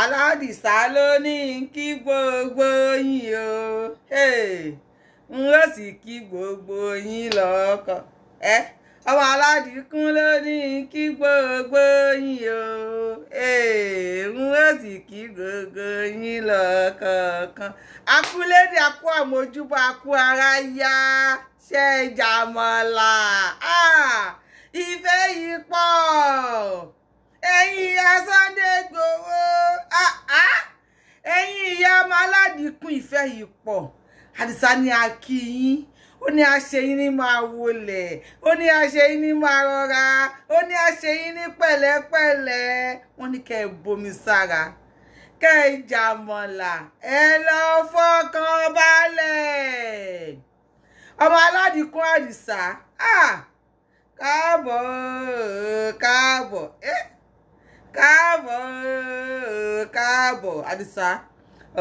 aládìsá ló ní kí gbogbo yín o n ó sì kí gbogbo yín lọ́kọ̀ ẹ ọmọ aládìkún ló ní kí gbogbo yín o n ó sì kí gbogbo yín lọ́kọ̀ọ̀kan akúlédè akú àmójúbọ akú ara yá ṣẹ́jàmọ́lá ah, ìfẹ́ yìí pọ̀ ẹ̀yin ìyá Sunday Igboho ah, ah. ẹ̀yin ìyá ọmọ aládìkún ìfẹ́ yìí pọ̀ àdìsá ni a kí yín ó ní àṣẹ yín ní máa wọlẹ̀ ó ní àṣẹ yín ní máa rọra ó ní àṣẹ yín ní pẹ̀lẹ́pẹ̀lẹ́ wọ́n ní kẹ́ ẹ bomi sára kẹ́ ẹ jàmọ̀là ẹ lọ fọkàn balẹ̀ ọmọ aládìkún àdìsá ah, káàbọ̀ káàbọ̀ ẹ́. Eh? káàbọ̀ káàbọ̀ àdìsá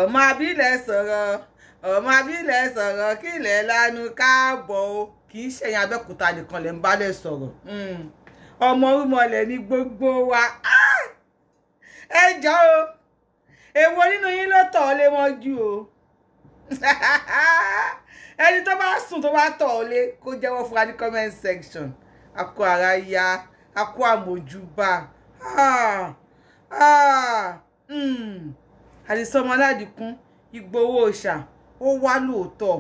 ọmọ abílẹ̀ sọ̀rọ̀ ọmọ abílẹ̀ sọ̀rọ̀ kílẹ̀ lanu káàbọ̀ o kì í ṣẹ̀yìn abẹ́òkúta nìkan lẹ̀ ń bálẹ̀ sọ̀rọ̀ hmm. ọmọ orúmọlẹ̀ ni gbogbo wa ah! ẹ jọ o èwo nínú yín ló tọ̀ ọ́ lé mọ́jú o ẹni tó bá sùn tó bá tọ̀ ọ́ lé kó jẹ́wọ́ fún wa ní comment section akọ ara ya akọ àmójúbà ah ah mm. Àdìsá Ọmọládìkún Ìgbòho Òòṣà ó wá lóòótọ́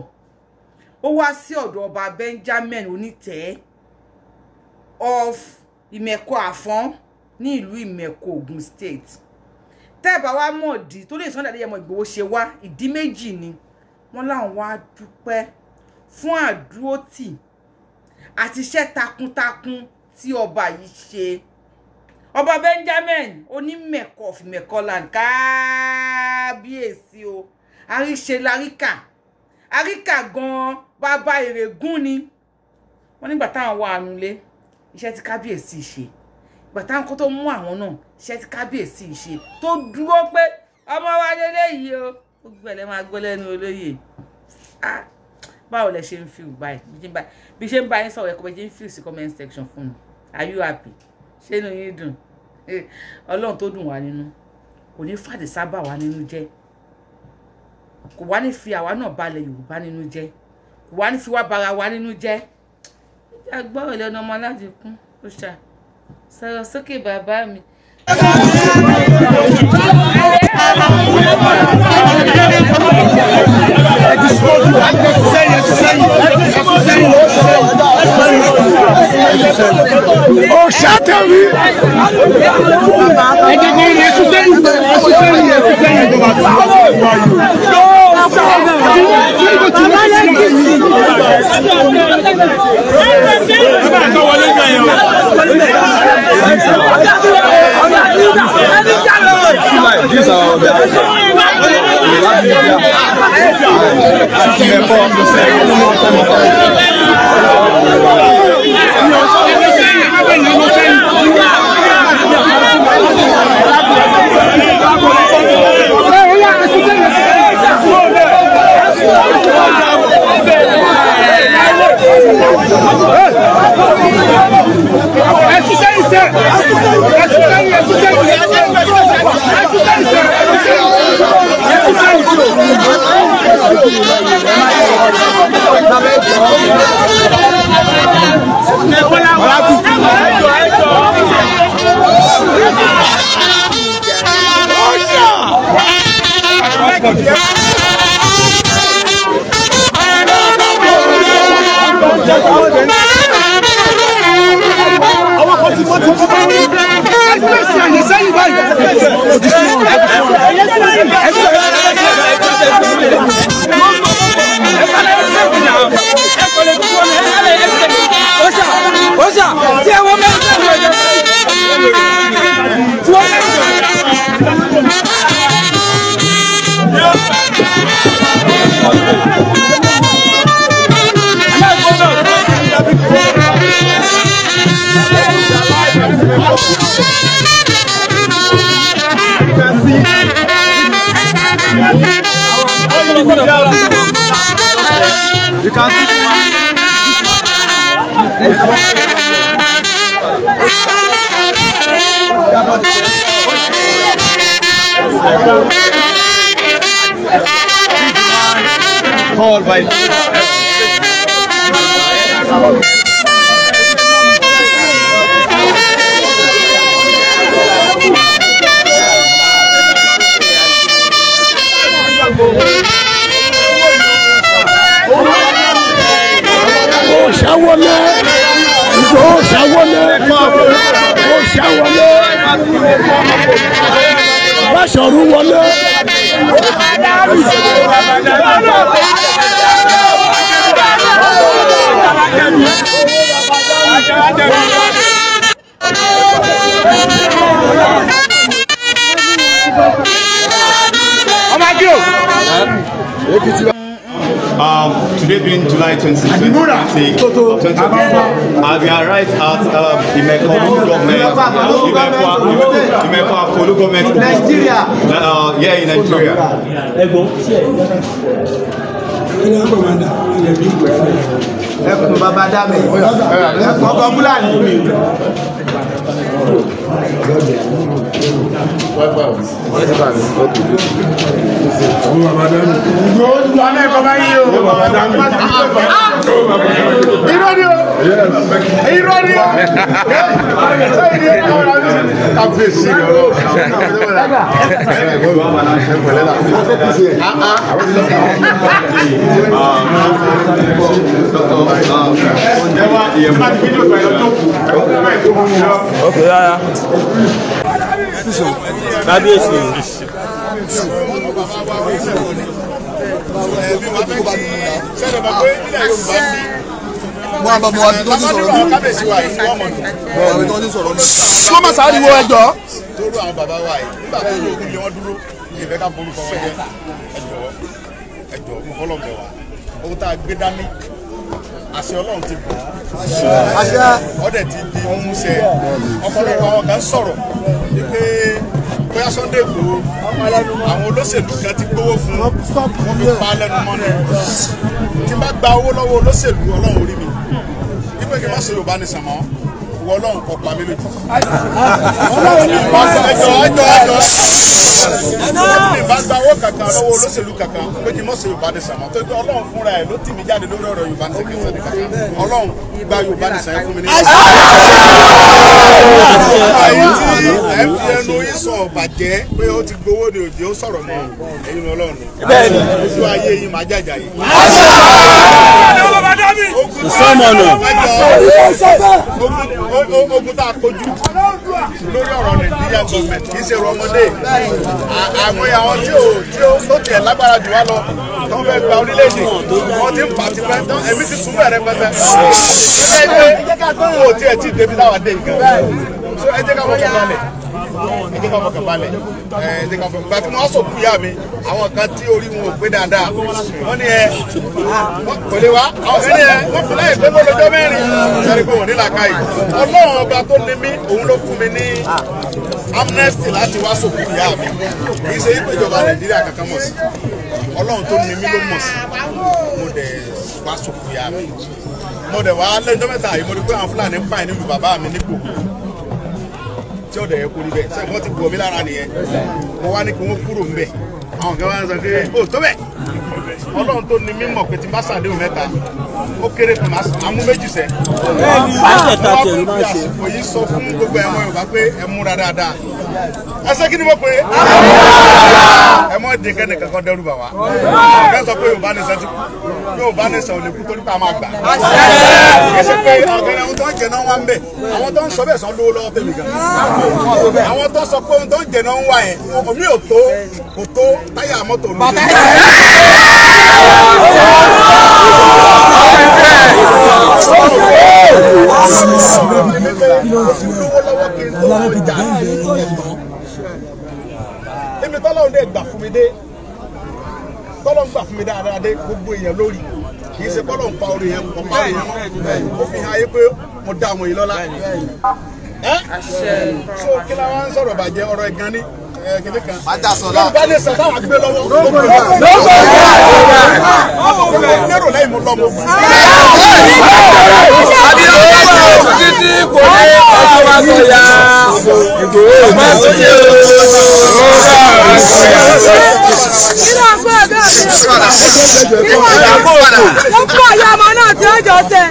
ó wá sí ọ̀dọ̀ ọba Benjamin Onítẹ̀ẹ́ of Ìmẹ̀kọ Àfọ́n ní ìlú Ìmẹ̀kọ Ògùn state tẹ́ẹ̀bà wa mọ̀ dì tó lè Sunday Adéyẹmọ Ìgbòho ṣe wá ìdí méjì ni wọ́n láwọn wá dúpẹ́ fún àdúrótì àti iṣẹ́ takuntakun tí ọba yìí ṣe ọba benjamin onímẹ̀kọ of mẹ̀kọland kábíyèsí o àríṣe láríkà àríkà gan-an bàbá ìrègùn ni wọ́n nígbà táwọn wà ànulé iṣẹ́ tí kábíyèsí ṣe ìgbà táwọn kó tó mú àwọn náà iṣẹ́ tí kábíyèsí ṣe tó dúró pé ọmọ wa lélẹ́ yìí o ó gbẹ̀lẹ́ máa gbọ́ lẹ́nu olóyè báwo lẹ ṣe ń fi báyìí bí ṣe ń bá yín sọ̀rọ̀ ẹ̀kọ́ bí ṣe ń fi sí comment section fún mi are you happy ṣé inú yín dùn Eh, ọlọ́run tó dùn wá nínú kò ní fàdísá bà wá nínú jẹ́ kò wá ní fi àwa náà balẹ̀ yorùbá nínú jẹ́ kò wá ní fi wá bara wa nínú jẹ́ agbọ́rọ̀ lẹ́nu ọmọ aláàjì kún ó ṣá sọ̀rọ̀ sókè bàbá mi. Ọ̀ṣà tẹ̀wé. Ẹ̀jẹ̀ bàbá lẹ́kìtì. bàbá àtọ́ wọlé gbà yẹn o. These are the answers. Olá, ভাই League of 2024. at um, government, Imekwa, Imekwa government. Nigeria. Uh, yeah, in Nigeria. Ẹ̀gbọ́n. Kí ni wọ́n bọ̀ máa dà? Wọ́n ẹkùn bàbá dábẹ ẹkùn ọkọ fúlàní mi ok yára kábíyèsí wọn bá mọ àbí tó ti sọ̀rọ̀ nínú mọ àbí tó ti sọ̀rọ̀ nínú. sọ́mọ sáriwo ẹjọ́. tóró àwọn bàbá wa yìí nígbà tó yẹ kí wọ́n dúró kí ìfẹ́ ká borúkọ wọn jẹ́ ẹjọ́ ẹjọ́ mo fọlọ́ bẹ̀ wá owó tá a gbé dání àṣẹ ọlọ́run ti bọ̀ ọ́ ọ̀dẹ̀ ti di múṣẹ ọ̀pọ̀lọpọ̀ àwọn kan sọ̀rọ̀ wípé bóyá Sunday Igboho àwọn olóṣèlú kan ti gbowó fún wọn fi pa lẹ́nu mọ́ ni tí n bá gba owó lọ́wọ́ olóṣèlú ọlọ́run orí mi wípé kí n má ṣe Yorùbá ní sàmọ́ ìwọ ọlọ́run kò pa mí lójú. ọlọ́run ní ìbá sọ ẹjọ́ ẹjọ́ ẹjọ́ ẹjọ́ ìbá gba owó kankan lọ́wọ́ olóṣèlú kankan pé kí n mọ̀ sí yorùbá ní sàmà tó jẹ́ ọlọ́run fúnra ẹ̀ ló tì mí jáde lórí ọ̀rọ̀ yorùbá ní sẹ́kẹ̀sẹ̀ nìkan ọlọ́run gba yorùbá ní sàmà fún mi ní. ayé tí ẹ fi ẹnu yín sọ bàjẹ́ pé ó ti gbowó ni òjì ó sọ̀rọ̀ mọ́ ẹ̀yin ọlọ́run ojú ayé yín máa jàjà yìí. ogun tí ó sọ̀rọ̀ ogun tá a kojú lórí ọ̀rọ̀ nàìjíríà gọ́ọ̀mẹ̀ntì kì í ṣe rọmọdé àwọn àwọn tí ò tí ó tó tiẹ̀ lágbára jù wá lọ tó fẹ́ gba orílẹ̀-èdè wọ́n ti ń fà tipẹ́ ẹ̀mí ti sún bẹ̀rẹ̀ pẹ́pẹ́ wọ́n ti ẹ̀ tí ì débi táwa dé yìí gan so ẹ jẹ́ ká wọ́n kọ́ balẹ̀ ẹjẹ ká fọkàn balẹ̀ ẹjẹ ká fọkàn balẹ̀ kí aso sọ̀kú yá mi àwọn kan tí orí wọn ò pé dáadáa wọ́n ní ẹ kò lè wá àwọn kan ní ẹ wọ́n fún láyè pé mo lọ́jọ́ mẹ́rin sẹ́ni pé wọ́n ní làákà yìí ọlọ́run ọba tó ní mí òun ló fún mi ní amnesty láti wá sọ̀kú yá mi kì í ṣe ìpéjọba nàìjíríà kankan mọ̀ sí ọlọ́run tó ní mí ló mọ̀ sí mo dẹ̀ wá sọ̀kú yá mi mo dẹ̀ wá lẹ́jọ́ mẹ́ta yìí mo rí pé àwọn fúlàní pààyàn nílùú bàbá mi nípò tí ọ̀dọ̀ yẹn kú níbẹ̀ ṣé wọ́n ti bọ̀ mí lára nìyẹn mo wá ní kí wọ́n kúrò níbẹ̀ àwọn kan wá ń sọ pé ó tó bẹ́ẹ̀ ọlọ́run tó ní mímọ̀ pé tí bá ṣàdéhùn mẹ́ta ó kéré pé máa mú méjì sẹ́. báyìí ta tẹ̀ ló máa ṣe. òyì sọ fún gbogbo ẹ̀wọ̀n Yorùbá pé ẹ múra dáadáa. ẹ ṣe kí ni mo pè é. ẹ mọ̀ dín kẹ́ni kankan dẹ́rù bà wá. ọ̀gá sọ pé Yorùbá ní sẹ́tù Yorùbá ní sẹ́wọ̀n lè kú torí pé a máa gbà. ẹ ṣe pé ọ̀gẹ̀rẹ̀ ohun tó ń jẹ náà wá ń bẹ̀. àwọn tó ń sọ bẹ́ẹ̀ sàn lówó lọ́wọ́ tèmi gan. àwọn tó sọ pé níbi tọ́lọ́run dé gbà fún mi dé tọ́lọ́run gbà fún mi dáadáa dé gbogbo èèyàn lórí kì í ṣe bọ́lọ́run pa orí yẹn ọ̀pá rẹ̀ yẹn ó fi hàn ayé pé mo dá àwọn èèyàn lọ́la ẹ́ so kí la wá ń sọ̀rọ̀ bàjẹ́ ọ̀rọ̀ ẹ̀gan ni májàsọlá. yorùbá lè sọ táwọn àgbẹ̀ lọ́wọ́. lọ́gbọ̀n ìgbà lọ́gbọ̀n ìgbà. ọmọ òun lérò lẹ́yìn mo lọ́mọ. àbíyọ̀ ọ̀sán títí kò ní ọ̀sán wa sọ yá. ìgbòho ìgbà tó yẹ Ìyàwó ọ̀dọ́ mi. Ìyàwó ọ̀dọ́ mi. Ó ń pọ̀ ìyá ọmọ náà tí ó jọ ṣe.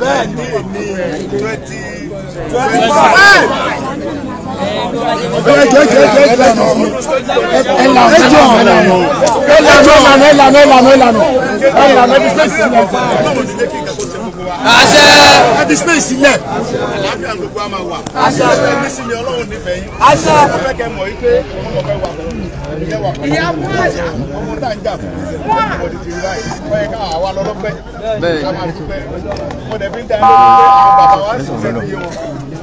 bẹ́ẹ̀ ni èmi twenty twenty five. Ẹ jẹ́ jẹ́ jẹ́ jẹ́ ìyá mú àyà ọmọ tá ń jà fún wá ọdún ti rí báyìí wọ́n yẹ ká àwa lọ́lọ́pẹ́ ká máa dúpẹ́ wọ́n dẹ̀ fi ń darí lórí àwọn bàbá wa ń sùn sẹ́nu yé wọn.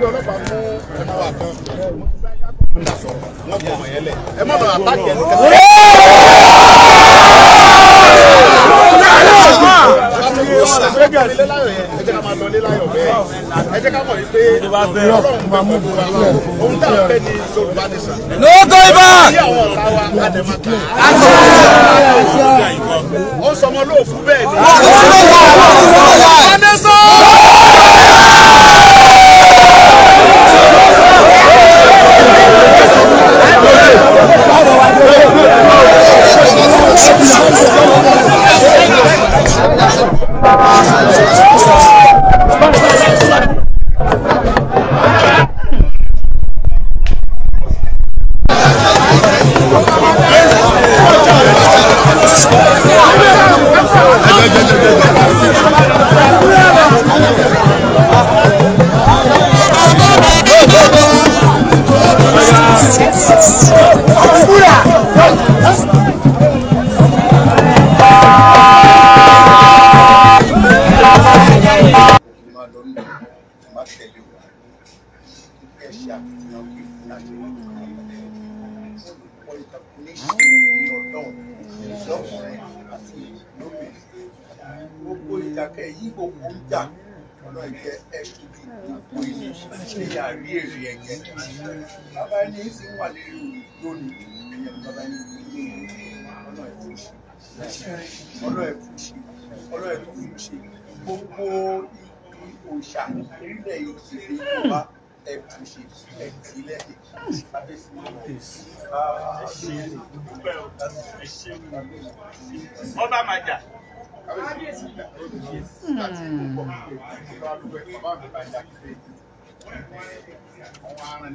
no go back. sí wà lórí lónìí ìyẹn bàbá yín ní ọ̀nà ẹ̀fọ́ ṣe ọ̀nà ẹ̀fọ́ ṣe ọ̀nà ẹ̀fọ́ fún ṣe gbogbo òòṣà orílẹ̀ èdè Yorùbá ẹ̀fọ́ ṣe ẹ̀fọ́ lẹ́yìn abẹ́sí ọba màjà. Hmm.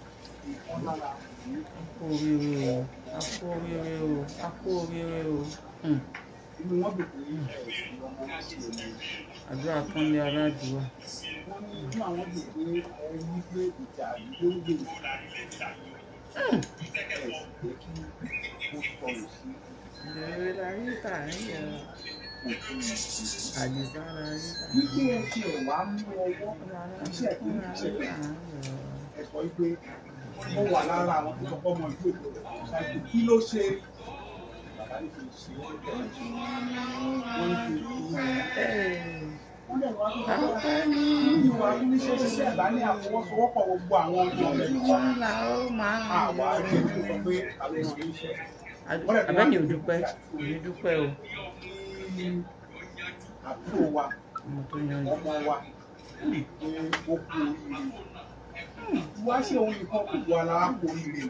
akú oríire o akú oríire o akú oríire o hmm. àdúrà kan lé aládùúgbò. àdìsára rí tà ń hmm. yẹ. Wípé ẹ ti wá mú ọwọ́ iṣẹ́ tó ń ṣe ẹ̀kọ́ ó wà lára àwọn tó kọ́kọ́ mọ ìlú èkó kí ló ṣe bàbá ní fi kú wọn lè wá lọ́wọ́ nínú akúníṣe ṣiṣẹ́ ẹ̀bá ní ọmọ rẹ̀ àwa ọmọ wa ọmọ wa ó kú oríire. Hmm, wá ṣe ohun nìkan kò wà láàpò ìrè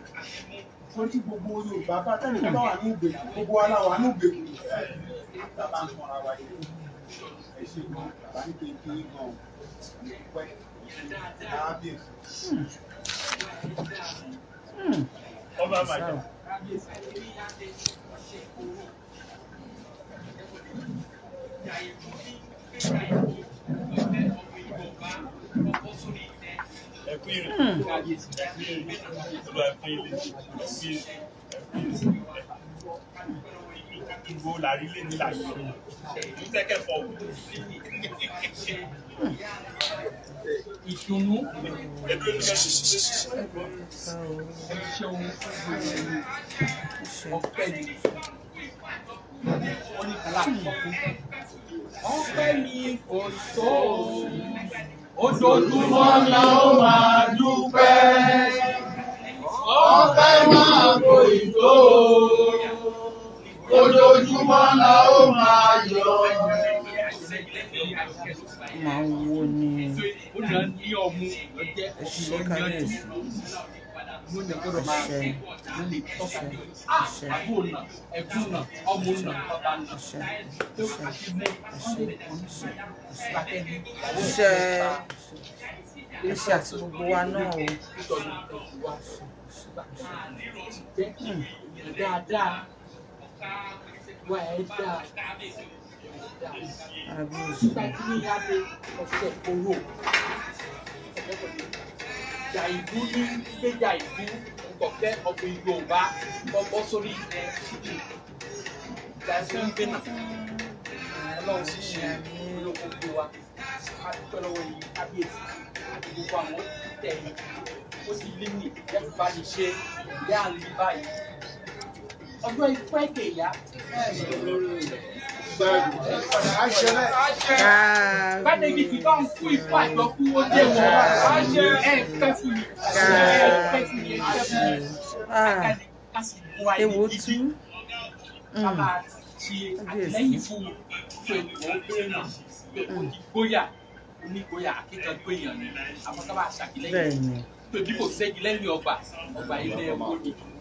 wọ́n tí gbogbo Yorùbá bá tẹ́lẹ̀ bá wà ní ìgbèkùn gbogbo aláwa ní ìgbèkùn bàbá ń mọ̀ra wa yìí ẹ ṣe gan bàbá ní kékeré gan ní Thank you ẹkú ìrè ni wọ́n ní kàlá ọ̀fẹ́ ni kò tó ojoojúmọ́ la ó máa dúpẹ́ ọpẹ́ máa kò ìtó ojoojúmọ́ la ó máa yọ̀. máa wo ni ẹ ṣe kábíyèsí nwunye gbọdọ̀ máa rí lórí tọ́kọ̀ àbúrò náà ẹ̀gbọ́n náà ọmọ náà bàbá náà tó àti mú ọ̀nà ìkọ̀ọ́nùsọ̀ ìsìlákẹ́ni ọwọ́ ìṣẹ́ iṣẹ́ àti gbogbo wa náà o. dáadáa wà ẹ́ dáa nígbà tí ní ìyá mi ọ̀sẹ̀ owó ọ̀sẹ̀ kọ̀ọ̀kan ìjà ìlú ní gbéjà ìlú nkọ̀fẹ́ ọ̀pọ̀ Yorùbá bọ́bọ́ sórí ẹ̀ ìjà ìlú ń náà ọlọ́run sì ṣe olóko gbé wa adúpẹ́ lọ́wọ́ yìí kábíyèsí gbogbo àwọn tẹ̀yìn ó sì lé ní ìjẹ́ lè ṣe ìyá àlè báyìí ọjọ́ ikú ẹ̀kẹ́ Bádẹ́gi Ewo tú. Mm. Ká máa kò sẹ́gi lẹ́yìn ọgbà. Ọgbà ilé ẹ̀kọ́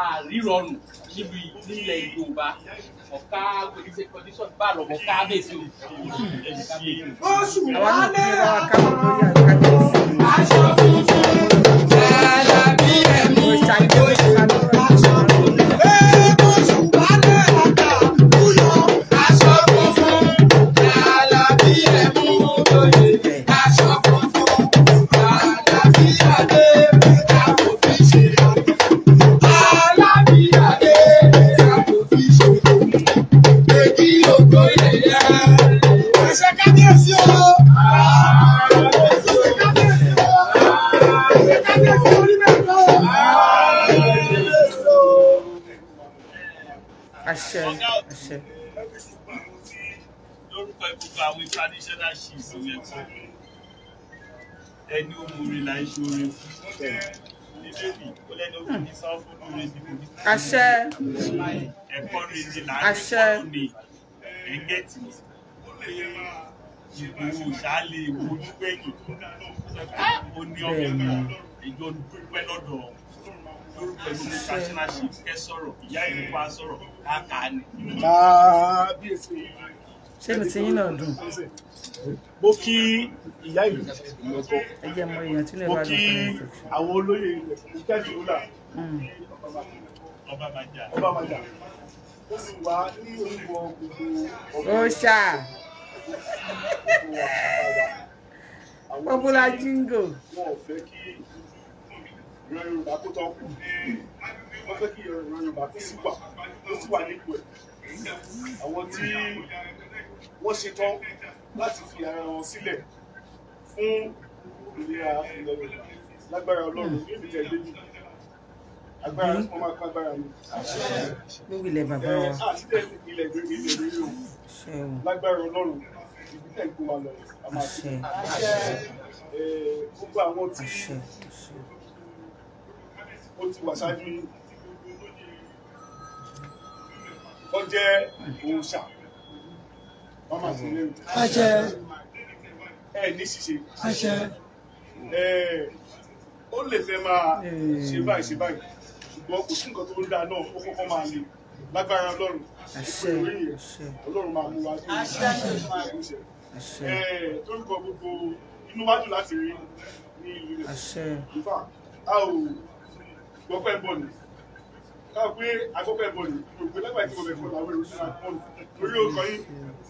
àrírọrùn níbi nílẹ̀ Yorùbá ọ̀ká gbèsè kọ́ndíṣọ̀n bá lọ́mọ kábíyèsí o. oṣù wálé àwọn aṣọ funfun. tí ìsòrí ẹ̀kọ́ ẹni ó múre la ń ṣoore fún níbẹ̀bí ó àṣẹ ẹ̀kọ́ rèé là ń ṣé mi ti yín náà dùn. mo kí ìyá ìlú mo kí àwọn olóyè ìkẹ́jì wúlà ọba màjà hmm. ọba màjà ó sì wá ní orúkọ gbogbo ọba. ó ṣá popular jingo. wọn ò fẹ́ kí ìran yorùbá kó tán kù wọ́n fẹ́ kí ìran yorùbá kó sì wà kó sì wà nípò ẹ̀ àwọn tí wọ́n ṣetán láti fi ara wọn sílẹ̀ fún ìlera ìlọ́run lágbára ọlọ́run ní ìbílẹ̀ lẹ́yìn agbára tí wọ́n máa pa agbára ni. lórí ilẹ̀ bàbá wa. àti ilẹ̀ ilẹ̀ ìgbèrè ilẹ̀ lórí o lágbára ọlọ́run ìbílẹ̀ ìgbó wa lọ a máa fi gbogbo àwọn tí ó ti wà ṣáájú yìí wọ́n jẹ́ òòṣà ọmọ àti ilé ìwé. àṣẹ. ẹ eh, ní ṣíṣe. àṣẹ. ẹ eh, ó lè fẹ́ máa eh. ṣe báyìí ṣe báyìí ṣùgbọ́n kò sí nǹkan tó ń dà náà ó kọ́kọ́ máa le lágbára ọlọ́run ìpè orí yẹn ọlọ́run máa mú wa tó ìṣe ẹ torúkọ gbogbo inú wájú láti rí ní ìlú rẹ̀ nípa a ò gbọ́pẹ́ bọ̀ ni káà pé agbọ́pẹ́ bọ̀ ni gbogbo lágbàá tí gbọ́pẹ́ bọ̀ làwọn èrò sí ra bọ̀ lórí ọkọ̀ yìí.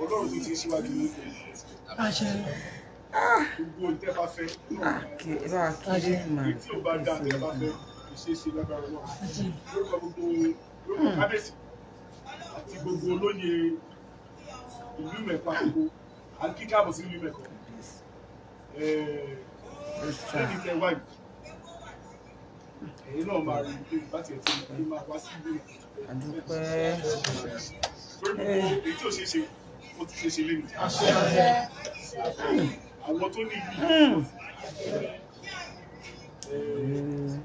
ọlọ́run tó ti síwájú ní ìpè àṣẹ gbogbo pé eh. èyí tí ò ṣeé ṣe ó ti ṣeé ṣe lénìí. àwọn tó ní ìlú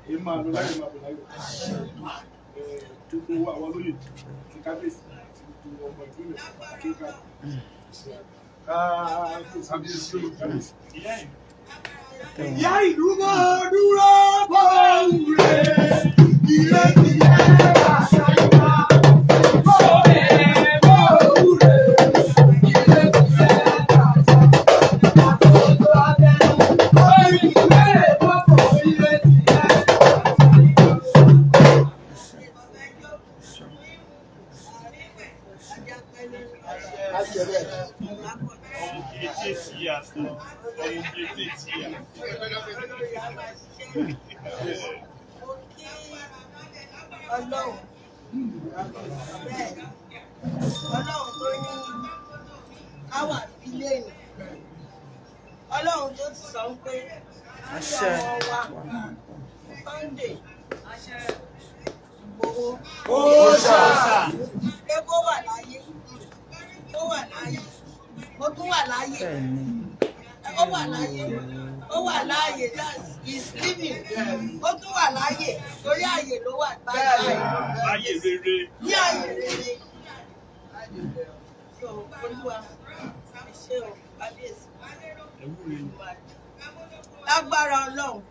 ẹ máa lọ láyé máa bọ̀ láyé gbogbo wa àwọn lóye ti kábíyèsí àti gbogbo ọmọ ìpínlẹ̀ kéka kábíyèsí kábíyèsí ìyá ìlú. ìyá ìlú máa dúró bọ́ọ̀rù rẹ̀ ìrètí rẹ̀. ọlọ́run bẹ́ẹ̀ ọlọ́run tó ní káwà bílíọ̀nù ọlọ́run tó ti sọ pé ṣé ọmọ wa Sunday Ìgbòho ó ṣàṣà pé kó wà láyé kó wà láyé kó tún wà láyé ó wà láàyè ó wà láàyè is living ó tún wà láàyè torí àyè ló wà báyìí. láyè rere. ní àyè rere. so olúwa ṣe o kábíyèsí lágbára ọlọ́run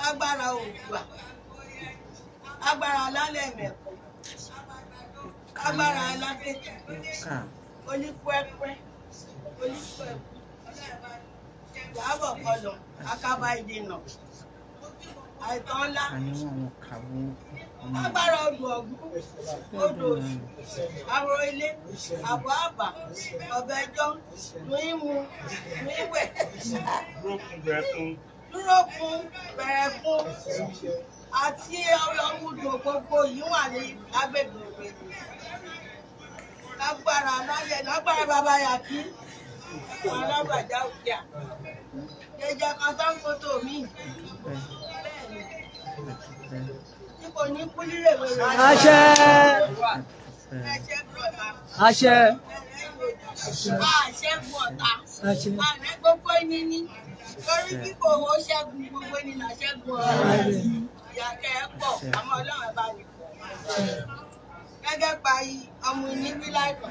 lágbára òdùà lágbára alálẹ̀ mẹ́kọ lágbára aládẹ́tù onípẹ́pẹ́ onípẹ́pẹ́. Ìyábọ̀ kọlọ̀ akábá ìdènà àìtàn ńlá agbára odò ọ̀gbun odò òsù aró ilé àbọ̀ àbà ọ̀bẹ ẹjọ́ lóyìnwó lóyìnwẹ̀ dúró fún bẹ̀rẹ̀ fún àti ọlọ́mùdò gbogbo yìí wà ní agbègbè òwe lágbára láyẹ lágbára bàbá yàtí ọlọ́gbàjá òkè à ẹja kan sáńkótó mi tí kò ní kú lílè wẹrẹ. àṣẹ àṣẹ àṣẹ bọ̀tà àrẹ gbogbo ẹni ní torí bí kò ṣẹ́gun gbogbo ẹni là ṣẹ́gun ọ̀rẹ́ ìyàkẹ́ pọ̀ àmọ́ ọlọ́run bá mi pọ̀ gẹ́gẹ́ pa ọmọ ìníbí láìpẹ́.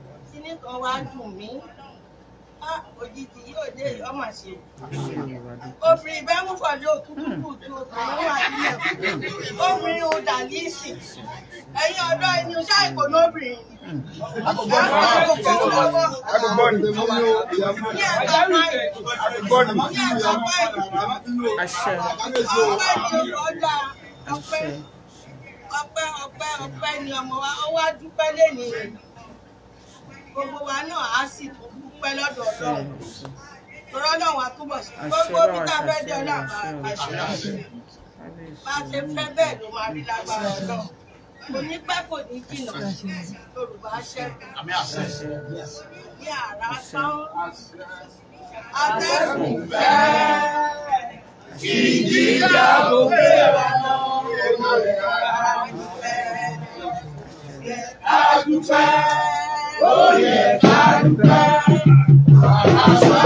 kíní kan wá dùn mí òjijì yóò dé ọmọ ṣe obìnrin bẹ́ẹ̀mú pọ̀jù òtútù kùtù àwọn àdìyẹ obìnrin ò dàlísì ẹ̀yin ọ̀dọ́ ẹni iṣẹ́ ìkò lóbìnrin ọpẹ́ ọpẹ́ ọpẹ́ ni ọmọ wa ọwọ́ adúpẹ́ lẹ́nìí gbogbo wa náà á sì dúpẹ́ lọ́dọ̀ ọlọ́run tọ́rọ́ náà wà túbọ̀ sí gbogbo bí tá a fẹ́ dé ọ̀nà àbáṣe bá a ṣe fẹ́ bẹ́ẹ̀ ló máa rí lágbára ọlọ́run kò kò ní jìnnà yorùbá ṣẹ́gun bí sán atẹ́kùn fẹ́ ìjìyà òkè wa lọ èmo ìrora àdúpẹ́ ó yẹ ká dúpẹ́ àlàáfíà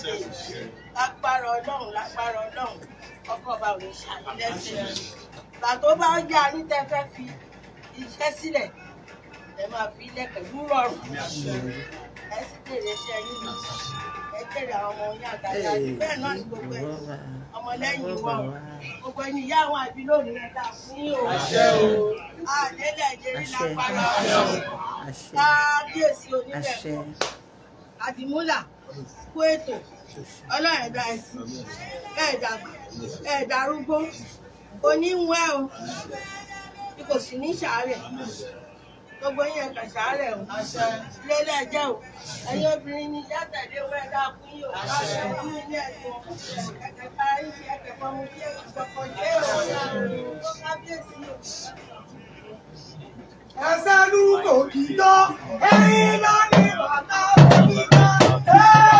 kábíyèsí lágbára ọlọ́run lágbára ọlọ́run ọkọ̀ ọba òní ṣàlẹ́sẹ̀ gbà tó bá yá yín tẹ́ fi iṣẹ́ sílẹ̀ ẹ máa fi ilẹ̀ pẹ̀lú rọrùn ẹ sì kéré iṣẹ́ yín lọ ẹ kéré àwọn ọmọ yín àtàlà bẹ́ẹ̀ náà ni gbogbo ẹ̀ ọmọlẹ́yìn wa o gbogbo ẹni ìyá àwọn àbí lónìí rẹ ta fún o àdélé ìjẹrí lápá lọ kábíyèsí onílẹ̀ àdìmúlà kú ètò ọlọ́run ẹ̀dá ẹ̀sìn ẹ̀dá ẹ̀dá arúgbó oníwẹ̀ o tí kò sì ní sàárẹ̀ gbogbo yẹn kà sàárẹ̀ o lélẹ̀ jẹ́ o ẹ̀yin obìnrin ni yàtẹ̀lé wẹ́ dá fún yìí o láti fún ilé ẹ̀kọ́ ẹ̀kẹ́ kára yìí ẹ̀kẹ́ fọmú bí ẹ̀kọ́ kọ̀ọ̀kan jẹ́ o tó kábíyèsí o. ẹsẹ̀ lúkò kìí tán ẹ̀yin lọ́ọ́ ní bàtà òkìtàn. Hey!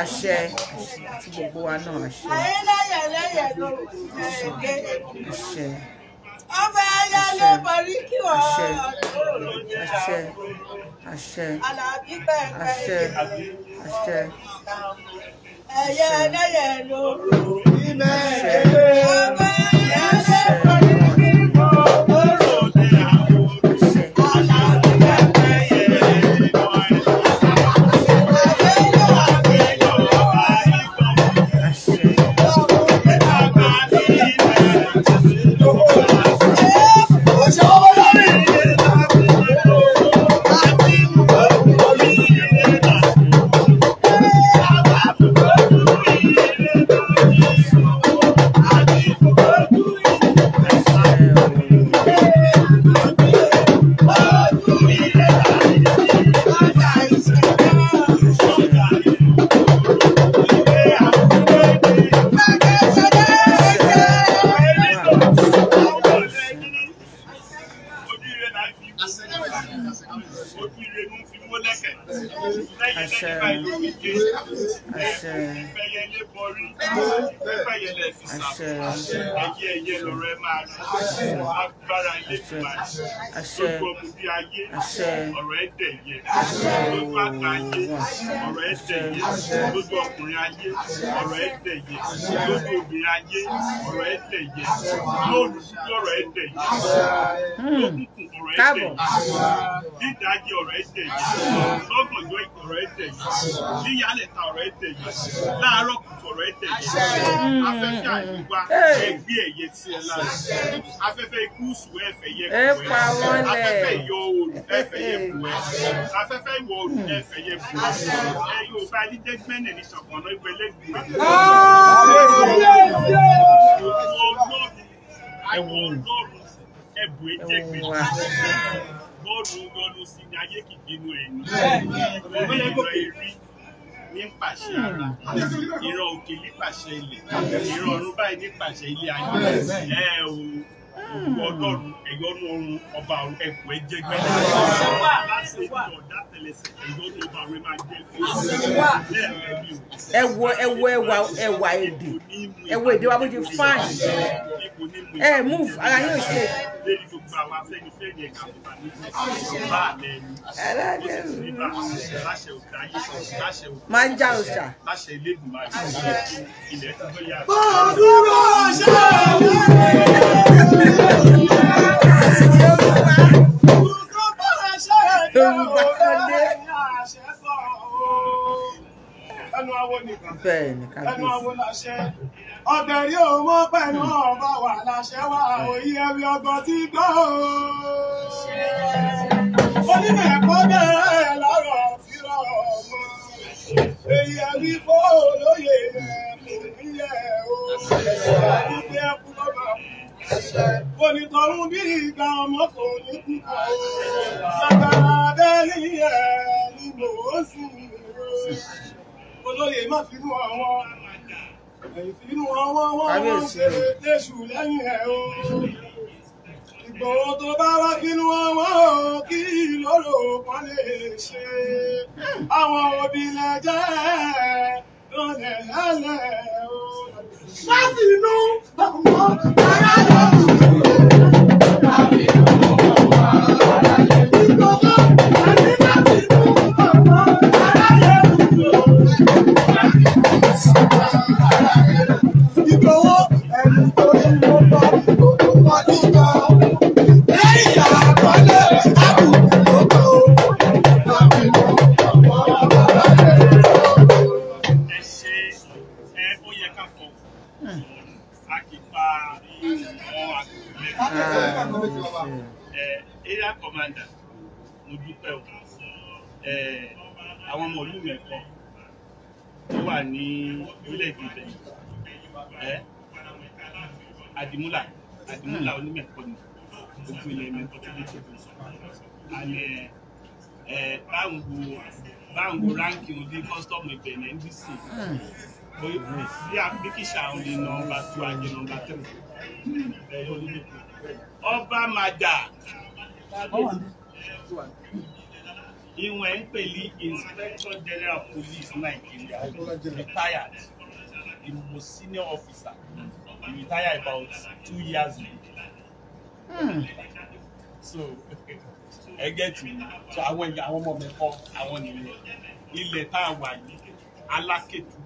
àṣẹ àti gbogbo wa náà àṣẹ àṣẹ ọba ayálé borí kí wọ́n àṣẹ àṣẹ àṣẹ àṣẹ ẹyẹ ẹlẹyẹ lóru ìmẹ̀ẹ́dẹ́gbẹ́ ọba ayálé borí. àṣẹ ẹyẹ dídájí ọ̀rọ̀ ẹ dẹ yẹ ọ̀rọ̀ ẹ dẹ yíyálẹ̀ta ọ̀rọ̀ ẹ dẹ láàárọ̀ kùtù ọ̀rọ̀ ẹ afẹ́fẹ́ àyíwá ẹgbẹ́ ẹ̀yẹ ní ṣọ̀kan náà ìgbẹ́lẹ́ gbẹ́lẹ́ ẹ̀bùn ẹ̀jẹ̀ sí ní ayé kìkínú ẹ̀yìn ní pàṣẹ ara ìran òkè ní pàṣẹ ilẹ̀ ìran ọ̀run báyìí ní ilé ayé ẹ o ọlọ́run ẹ̀yọ́nú ọrùn ọba àrùn ẹ̀kọ́ ẹ̀jẹ̀ gbẹ́lẹ́ láti ọ̀dà tẹ̀lẹ̀sẹ̀ ẹ̀yọ́nú ọba àrùn máa jẹ́ fún ẹwọ ẹwọ ẹwà ẹwà èdè ẹwọ èdè wa bó ti fáìn ẹ múf ara yóò ṣe. máa ń já òòṣà. bọ́ọ̀dúró ṣe é bẹ́ẹ̀ni kábíyèsí. ọbẹ̀ rí òun pẹ̀lú ọba wà láṣẹ wà òyì ẹbí ọgbọ́n ti gbọ́ onímọ̀ ẹ̀kọ́ bẹ̀rẹ̀ lọ́rọ̀ fírọ̀ ọmọ èyí ẹbí ìlàjà ẹ̀ lọ́lẹ̀ hálẹ̀ o. Má sì nù. àdìmúlà àdìmúlà hmm. onímẹ̀kọ́ ni òfin ilẹ̀ mẹ́kọ́ tó dé tètè alẹ́ ẹ̀ báńgò báńgò ránkì wọn bí kọ́sítọ́ọ̀mù ibẹ̀ ní ndc hmm. bí abikisha àwọn eh, ní nọ́mbà tó àjẹ nọ́mbà tẹ̀lé ẹ̀yọ́ nílé ọba màjà ìwọ̀n ẹ̀ ń pè ní inspector general police Nigeria retired the most senior officer. Mm -hmm he retired about two years ago. Hmm. so I ẹ gẹ́tì so àwọn ẹ̀yà àwọn ọmọ mi kọ́ àwọn nìyẹn I tá a wà yìí alákètù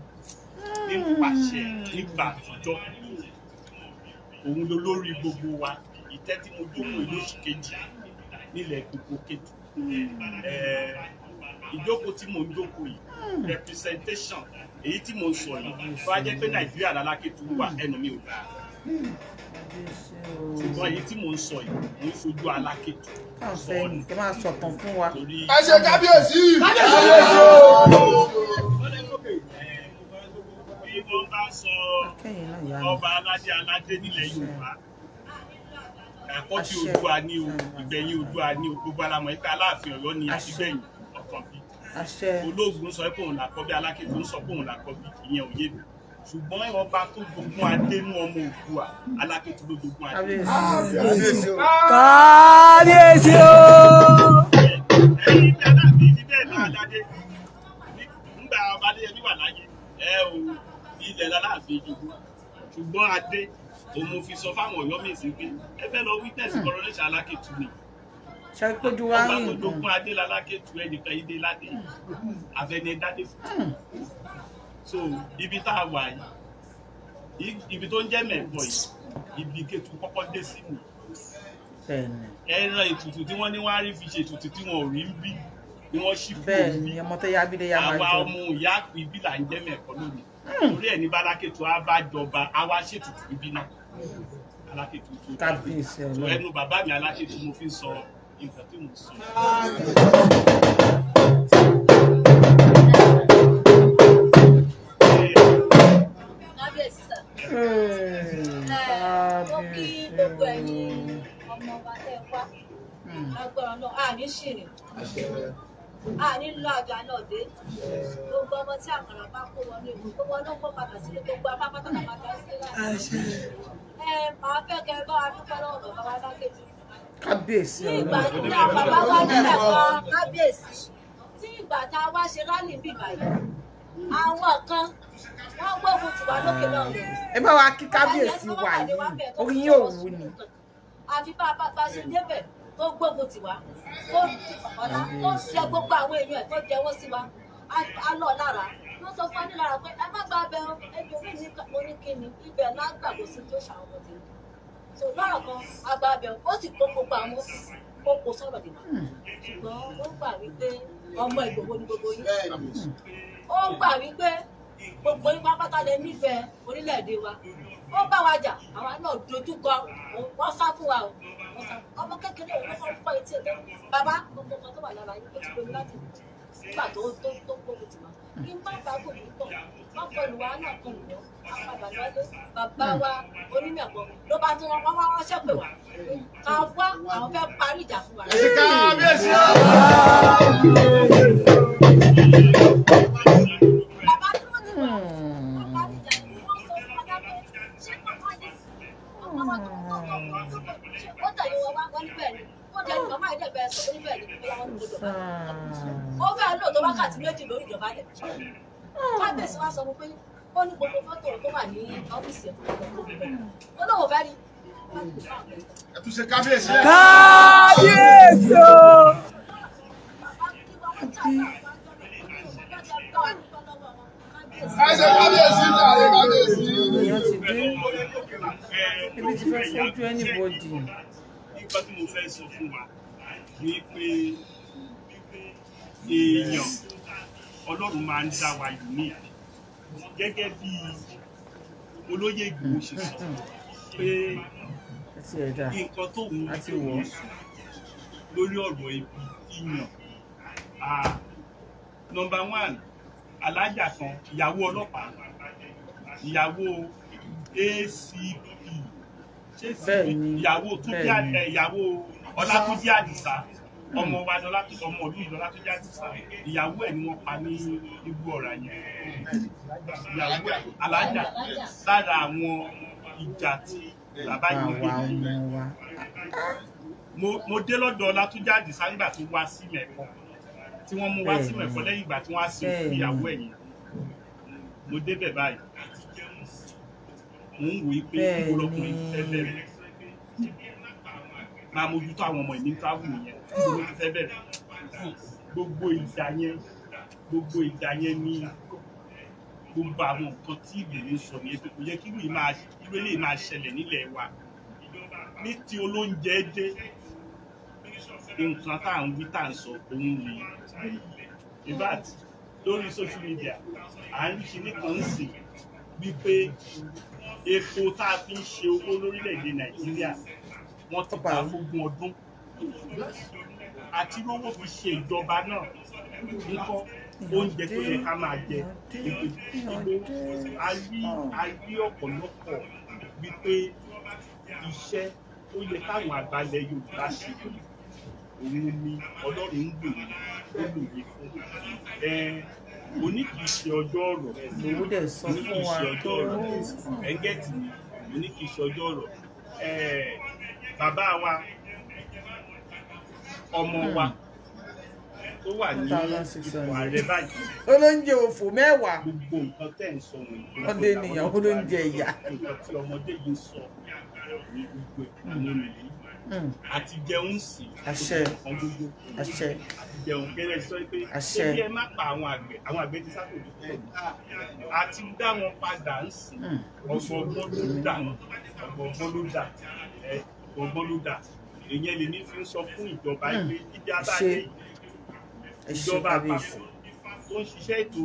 nípasẹ̀ nígbà àtijọ́ òun ló lórí gbogbo wa ìtẹ́ tí mo jókòó lóṣù kejì nílẹ̀ gbogbo kejì hmm. ìjókòó tí mo ń jókòó yìí hmm. representation èyí tí mo sọ yìí tó a jẹ́ pé nàìjíríà lálákè tó wà ẹnu mi ò dáa ṣùgbọ́n èyí tí mo ń sọ yìí mo ń fojú alákè tó sọ ọ́ ni. ẹ ṣe kábíyèsí. kábíyèsí bí wọ́n bá sọ ọba aládé aládé nílẹ̀ yorùbá àkọ́bí Oòduà ni ìgbẹ̀yìn Oòduà ni gbogbo alamọ̀ ẹ̀ka aláàfin ọ̀yọ́ ni àtìgbẹ̀yìn ọ̀kan bíi olóògùn sọ pé òun làkọ́bí alákẹ́kọ̀ọ́ sọ pé òun làkọ́bí ìyẹn ò yé mi ṣùgbọ́n ọba tó dogun adé nú ọmọ Oòduà alákẹ́tù ló dogun adé. kábíyèsí o. ẹyin tí aláàbí ti bẹ́ẹ̀ náà aládé nígbà Ọbadéyẹmí wà láyé ẹ o ilẹ̀ aláàfin jogún ṣùgbọ́n adé òun fi sọ fáwọn Ọ̀yọ́mèsì pé ẹ fẹ́ lọ wí tẹ̀sí kọ́rọ́lẹ́sì alákẹ́tù ni ṣe péjú wá rìn gùn. ọgbà adé lalákè tu ẹnìkan yìí ládé àfẹnẹ dádé fún so ibi tá a wà yìí ibi tó ń jẹ́ mẹ́tọ̀ yìí ibi kẹtù kọ́kọ́ dé sí mi ẹran ètùtù tí wọ́n ní wọ́n rí fi ṣe ètùtù tí wọ́n rí ń bí ni wọ́n ṣì fún mi bẹ́ẹ̀ ni ọmọ tó yá abílẹ̀ máa jọ àwa ọmọ ìyá ibi ń jẹ́ mẹ́kọ́ lónìí hmm. torí ẹ̀ ní bálákẹ́tù á bá jọba alákẹ́tù tó ẹnu bàbá mi aláṣẹ mo fi ń sọ nǹkan ẹ màá fẹ́ kẹ́ ẹ bá wa dúpẹ́ lọ́wọ́ bàbá wa lágbèjì kábíyèsí ọ̀rọ̀ ìgbà tí a bàbá wá nílẹ̀ kan kábíyèsí tí ìgbà tá a wá ṣe rálì bí báyìí àwọn kan wọ́n gbógun tì lókè náà ẹ bá wa kí kábíyèsí wà yìí orí yín ò ni. àfi bá a bá ṣe débẹ̀ tó gbógun tì tó ọ̀la tó ṣe gbogbo àwọn èèyàn ẹ̀ tó jẹ́wọ́ sí wa a lọ lára wọ́n sọ fún wa ní pé ẹ má gba abẹ́ ẹjọ́ mi ní kíni ibẹ̀ náà gbàgbọ́ sí tó ṣàwọn ọmọdé so lọ́rọ̀ kan ababẹ̀ ó sì kó gbogbo àwọn ọ́fíìsì kó kó sọ̀rọ̀ dìbò ṣùgbọ́n ó gbà wípé ọmọ Ìgbòho ni gbogbo yín ó gbà wípé gbogbo yín pápátá lè nífẹ̀ẹ́ orílẹ̀-èdè wa ó bá wa jà àwa náà dojúkọ wọ́n sá fún wa o ọmọ kékeré òun ló sọ fún etí ẹgbẹ́ bàbá gbogbo kan tó wà lára yín ó ti gbé láti nígbà tó tó tó kó mi wá ní pápá kò ní tàn wọn kọlù wa náà kọlù lọ àpàdà lọdẹ bàbá wa onímọ̀gbọ́n tó wọn wá wá tẹ̀lé wọn wá wọ́n níbẹ̀ ni ó fẹ́ lò tó wákàtí méjì lórí ìjọba yẹn kábíyèsí wa sọ fún pé ó ní gbogbo fọ́tò tó wà ní ọ́fíìsì ẹ̀kọ́ ó lóun fẹ́ rí. ẹtúnṣe kábíyèsí. kábíyèsí o. ẹsẹ̀ kábíyèsí ní àyè kábíyèsí. èèyàn ti dé ebi ti fẹ́ fojú anybody nǹkan tí mo fẹ́ sọ fún wa ni pé èèyàn ọlọ́run máa ń dá wa yìí ní gẹ́gẹ́ bí olóyè Ìgbòho ṣe sọ pé nǹkan tó wù ú tó wù ú lórí ọ̀rọ̀ ibi ìyàn nọ́mbà one alájà kan ìyàwó ọlọ́pàá ìyàwó ACP ìyàwó túnjí ìyàwó ọlátúnjí àdìsá ọmọ wa lọlátúnjí ọmọ ọdún yìí àdìsá ìyàwó ẹ ni wọ́n pa ní ibú ọ̀rá yẹn ìyàwó alájà lára àwọn ìjà tí bàbá yìí wà mo dé lọ́dọ̀ ọlátúnjí àdìsá nígbà tó wá sí mẹ́kọ́ tí wọ́n mú wá sí mẹ́kọ́ lẹ́yìn ìgbà tí wọ́n á sin ìyàwó ẹ̀yìn mo débẹ̀ báyìí mo ń wòye pé kó lọkùnrin fẹ́ bẹ̀rẹ̀ máa mójútó àwọn ọmọ ìní travel yẹn kó ló ti fẹ́ bẹ̀rẹ̀ gbogbo ìgbà yẹn gbogbo ìgbà yẹn ni gbogbo àwọn nǹkan tí ìbèrè ń sọ yẹn kò yẹ kí irú eléyìí máa ṣẹlẹ̀ nílẹ̀ wa ní ti olóúnjẹ dé nǹkan tá à ń wí tá à ń sọ òun lè lórí social media à ń rí kinní kan ń wípé epo tá a fi ń ṣe owó lórílẹ̀‐èdè nàìjíríà wọ́n ti gbà fógun ọdún àti lówó fi ṣe ìjọba náà nǹkan oúnjẹ tó yẹ ká máa jẹ ìgbò a rí ọ̀pọ̀lọpọ̀ wípé iṣẹ́ tó yẹ káwọn àgbàlẹ̀ yorùbá ṣe òun ni ọlọ́run ń lò ó lò mí fún mo ní kì í ṣe ọjọ́ ọ̀rọ̀ mo kì í bàbá wa ọmọ wa hmm. tó wà ní ipò ààrẹ báyìí. olóúnjẹ òfò mẹ́wàá. gbogbo nǹkan ń sọ olóúnjẹ ìyá. nǹkan tí Mm. àti jẹun sí àṣẹ àṣẹ àti jẹun gẹ́gẹ́ sọ pé àṣẹ ebi ẹ má pa àwọn àgbẹ̀ àwọn àgbẹ̀ ti sáko ní tẹ àti dá wọn padà ń sìn mm. ọgbọgbọn ló dà ọgbọgbọn ló dà ọgbọgbọn ló dà èyàn lè ní fi ń sọ fún ìjọba ilé jíjẹ abáyé ìjọba àpapọ̀ tó ń ṣiṣẹ́ ètò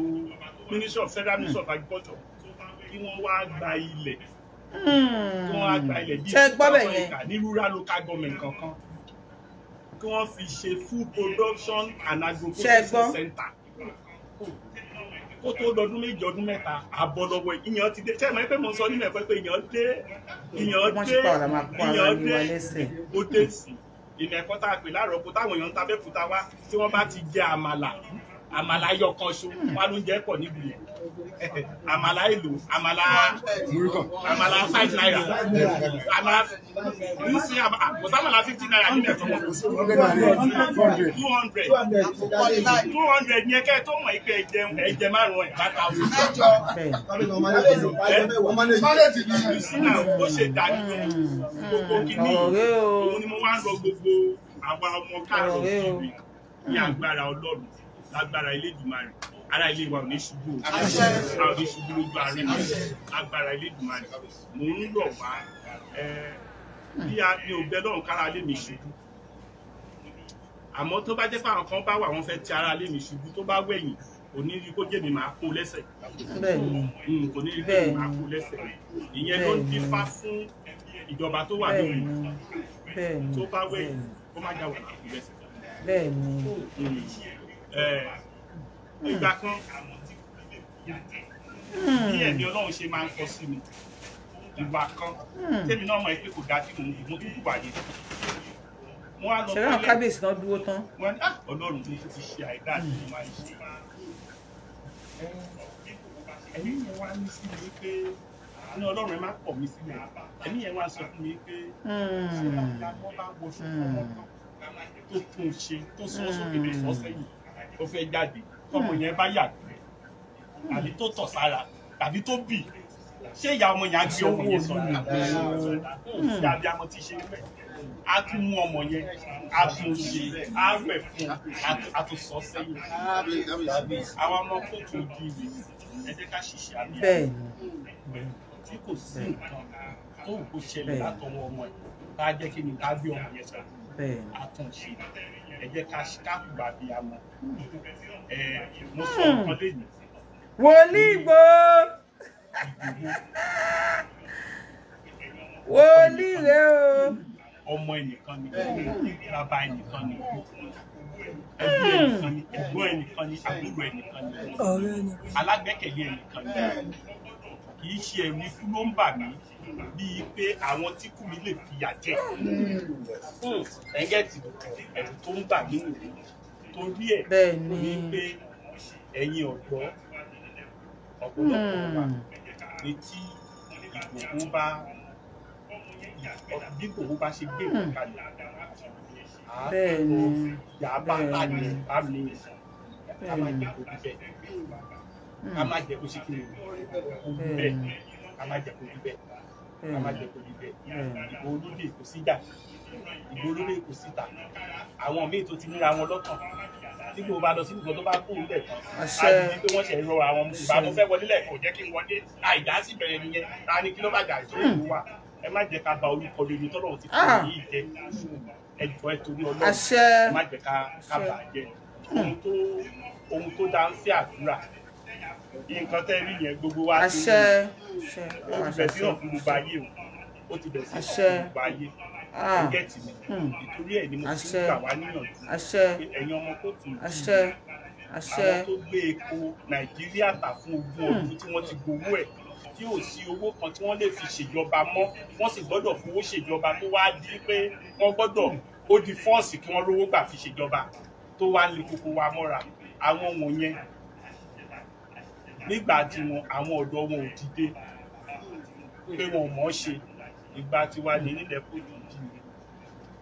minister of federal minister of agriculture kí wọ́n wá gba ilẹ̀ kí wọ́n á gba ilẹ̀ díẹ̀ fún ìkà ní rural local government kankan kí wọ́n fi ṣe food production and agro center kó tó lọ́dún méjì ọdún mẹ́ta àbọ̀ ìyàn ti dé sẹ́yìn pé sọ nínú ẹ̀fẹ́ pé ìyàn dé ìyàn dé ìyàn dé ó dé ìmọ̀ ẹ̀kọ́ tá a pè láàárọ̀ kó táwọn èèyàn ń ta bẹ́ẹ̀ fúta wá tí wọ́n bá ti jẹ àmàlà àmàlà ayọ̀ wọn ló ń jẹ́ pọ̀ níbi yẹn àmàlà èlò àmàlà àmàlà five naira àmàlà n sin àmàlà fifty naira nílẹ̀ tó mọ̀ two hundred two hundred yẹn kẹ́ tó mọ̀ ìpè ẹ̀jẹ̀ ẹ̀jẹ̀ márùn-ún ẹ̀ bàtà òun. ẹ̀ ìsúná ó ṣe dàní gbogbo kìíní òun ni mo wá ń gbogbo àwa ọmọ káàrọ̀ òbí ní agbára ọlọ́run lágbára ilé ìdùnnú ara ilé wa ò ní ṣubú o a ò ní ṣubú lójú ààrẹ mi agbára ilé ìgbìmọ̀ rẹ̀ mò ń lọ wá bí a mi ò bẹ lọ́run kára ilé mi ṣubú àmọ́ tó bá jẹ́ pé àwọn kan bá wà wọ́n fẹ́ ti ara ilé mi ṣubú tó bá wẹ̀yìn kò ní rí kó jẹ́ mi máa kó lẹ́sẹ̀ kò ní rí kó mi máa kó lẹ́sẹ̀ ìyẹn ló ń dífá fún ìjọba tó wà lóhùn tó bá wẹ̀yìn kó má jà wà láàkú lẹ́sẹ̀ nígbà kan àwọn tí kò lè yà jẹ bí hmm. ẹ̀mí ọlọ́run ṣe máa ń kọ sí mi ìgbà kan hmm. tèmi náà mọ̀ ẹ́ pé kò dájú mò ń mú kúkú wáyé wọ́n á lọ tẹ́lẹ̀ kábíyèsí náà dúró tán wọ́n á ah, ọlọ́run tó ti ṣe àìdá àti ìwà ìṣe máa ẹ̀mí yẹn wá ní sí mi pé ní ọlọ́run ẹ má pọ̀ mí sílẹ̀ ẹ̀mí yẹn wá sọ fún mi pé ṣé hmm. àwọn bá wọṣọ ọmọ tó tún ṣe tó sọ sókè lè sọ sẹ́yìn ó fẹ́ jáde ọmọ yẹn bá yàgbẹ́ tàbí tó tọ̀ sára tàbí tó bì ṣé ìyá ọmọ yẹn á gbé ọmọ yẹn sọ̀rọ̀ hmm. àbí hmm. abiyamọ ti ṣe bẹ́ẹ̀ a tún mú ọmọ yẹn a tún ṣe a wẹ̀ fún a tún sọ sẹ́yìn àwọn ọmọ kóòtù ojú ìwé ẹ ká ṣiṣẹ́ àbíyá tí kò sí nǹkan tó kò ṣẹlẹ̀ látọwọ́ ọmọ ẹ̀ ká jẹ́ kí ni ká gbé ọmọ yẹn sọ àtúnṣe ẹ jẹ́ ká gbàgbé àmọ́ mo sọ nǹkan lẹ́yìn. wòlíì gbò wòlíì rẹ o. ọmọ ẹnìkan ni bàbá ẹnìkan ni ẹbí hmm. ẹnìkan ni àbúrò ẹnìkan ni alágbẹ́kẹ̀lé ẹnìkan ni kì í ṣe ẹ̀mí kú ló ń bà mí bíi pé àwọn tí kú mi lè fìyà jẹ hmm. hmm. ẹ̀gẹ́tì ẹ̀rù tó ń bà mí nìyí torí ẹ̀ tó ní pé ẹ̀yin ọ̀dọ́ ọ̀pọ̀lọpọ̀ hmm. wà ní tí ìkòkò bá bí ìkòkò bá ṣe gbé ìkòkò hmm. kalẹ̀ àákòkò yàbá kalẹ̀ bá mi a máa jẹ kó bẹ a máa jẹ kó ṣe kí ni kó bẹ a máa jẹ kó bẹ ká má jẹ́ kó rí bẹ́ẹ̀ ìgbò olóde kò síjà ìgbò olóde kò síta àwọn míì tó ti níra wọn lọ́kàn tí kò bá lọ sí nǹkan tó bá kú nílẹ̀ àti pé wọ́n ṣe rọ àwọn ìbámu fẹ́ wọlé lẹ́kọ̀ọ́ jẹ́ kí n wọlé àìdásí bẹ̀rẹ̀ nìyẹn ta ni kí ló bá dà ìṣòro ìlú wa ẹ má jẹ́ ká bà orúkọ rere tọ́lọ̀ ti fún mi ah. yìí jẹ́ ẹjọ́ ẹ torí ọlọ́run má jẹ́ ká bà á ohun tó ohun tó dá ń fẹ́ àdúrà nǹkan tẹ́ rí yẹn gbogbo wa ti rí o ti bẹ̀ sí hàn fún gbogbo ayé o ó ti bẹ̀ sí hàn fún gbogbo ayé ah. o gẹ̀tì mi hmm. ìtorí ẹ̀ ni mo ti ń gbà wá níyànjú ẹ̀yin ọmọ kóòtù yìí àwọn tó gbé epo nàìjíríà tà fún hmm. ogún ọdún tí wọ́n ti gbowó ẹ̀ tí ò sí owó kan tí wọ́n lè fi ṣèjọba mọ́ wọ́n sì gbọ́dọ̀ fowó ṣèjọba tó wá di pé wọ́n gbọ́dọ̀ hmm. ó di fọ́ọ̀sì kí wọ́n rówó gbà fi ṣèjọba tó wá lè kókó wa mọ́ra àwọn wọ̀nyẹn nígbà tí wọn àwọn ọ̀dọ́ wọn ò dìde pé wọn ò mọ̀ ọ́ ṣe ìgbà tiwa ní nílẹ̀ kó dìde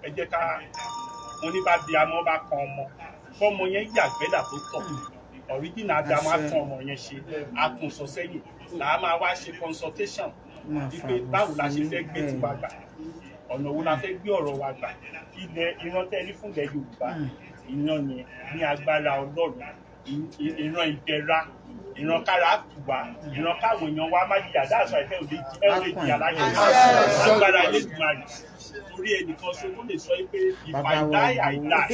ẹ jẹ́ ká wọn ní bá bí amọ́ bá kan ọmọ fọmọ yẹn yàgbẹ́dà tó tọ̀ ọ̀ríjìnà àti àwọn ọmọ yẹn ṣe àtúnṣọ sẹ́yìn là máa wá ṣe consultation wípé báwo la ṣe fẹ́ gbé tiwa gbà ọ̀nà wo la fẹ́ gbé ọ̀rọ̀ wa gbà ilẹ̀ ìrántẹ́rí fúnlẹ̀ Yorùbá hmm. ìran yẹn ní agbára Ọlọ́run ìran ìdẹ̀ra ìrànkára tù wá ìrànkáwọn èèyàn wa má yíyà dáàsọ àìfẹ́ òde ẹ̀rọ̀lẹ̀ ìyá láyé agbára ilé ìgbìmọ̀ torí ẹnìkan ṣe ló lè sọ pé ìfà ìdáì àìdáì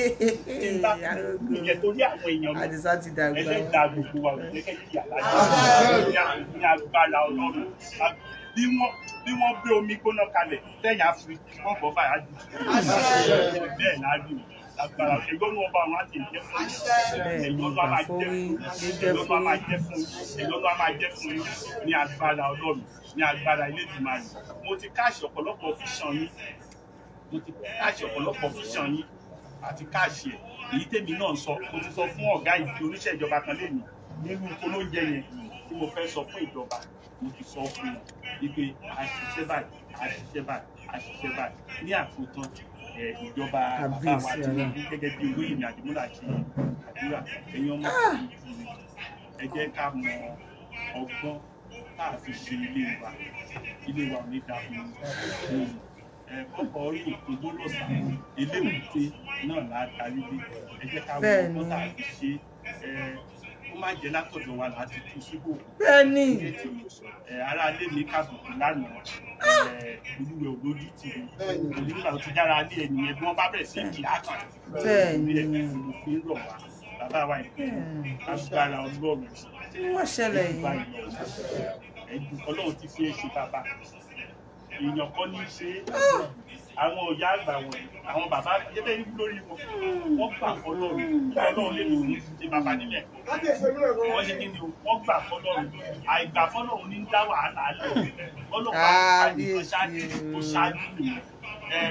ti torí àwọn èèyàn mi ẹlẹ́dàá gbogbo wa òde kẹ́kẹ́ ìyá ní agbára ọlọ́run bí wọ́n bí wọ́n gbé omi gbóná kalẹ̀ tẹ̀yìn áfíríkì wọ́n bọ́ báyà jù bẹ́ẹ̀ náà rí lágbára ìgbóhùn ọba àwọn àti ìjẹ fún yín ìgbóhùn ọba máa jẹ fún ìgbóhùn ọba máa jẹ fún ìgbóhùn ọba máa jẹ fún yín ní agbára ọlọ́run ní agbára ilé ìgbìmọ̀ àná mo ti káàṣì ọ̀pọ̀lọpọ̀ fíṣàn yín mo ti káàṣì ọ̀pọ̀lọpọ̀ fíṣàn yín àti káàṣì ẹ̀ èyí tèmi náà sọ mo ti sọ fún ọ̀gá ìdí oníṣẹ́ ìjọba kan lé mi nínú olóúnjẹ yẹn tí mo fẹ́ sọ fún ìjọba mo ti sọ fún un wípé àṣìṣe ìjọba bàbá wa Tinubu gẹ́gẹ́ bí olóyè ní àdìmúlà àti àdúrà ẹ̀yin ọmọ ah! ẹ jẹ́ ká mọ ọgbọ́n tá a fi ṣe ilé wa ilé wa ò ní dàbí ohun ọkọ̀ orí òkúdó lọ́sàn ilé òkúté náà láàdáyé ẹ jẹ́ ká mọ ọgbọ́n tá a fi ṣe kó má jẹ́ látọ̀dọ̀ wa láti tú síbò. bẹ́ẹ̀ni. ara lè ní kábùkù lánàá olúwe olójú ti olùkọ́ tó dára ní ẹni yẹn bí bá bẹ̀rẹ̀ sí ìjìyà kan. bẹ́ẹ̀ni. òfin rọ̀ wá bàbá wa yìí agbára ọlọ́run. wọ́n ṣẹlẹ̀ yìí. ọlọ́run ti fi é bàbá èèyàn kọ́ ní í ṣe é. Ah! àwọn ọ̀yà àgbà wọn àwọn bàbá yẹ́bẹ́ yín lórí wọn wọ́n gbà fọlọ́run ọlọ́run lè lò ní ti bàbá nílẹ̀ wọ́n ṣe kí ni wọ́n gbà fọlọ́run àìgbà fọlọ́run ní dá wàhálà lẹ̀ ọlọ́run àti ọ̀ṣáájú ọ̀ṣáájú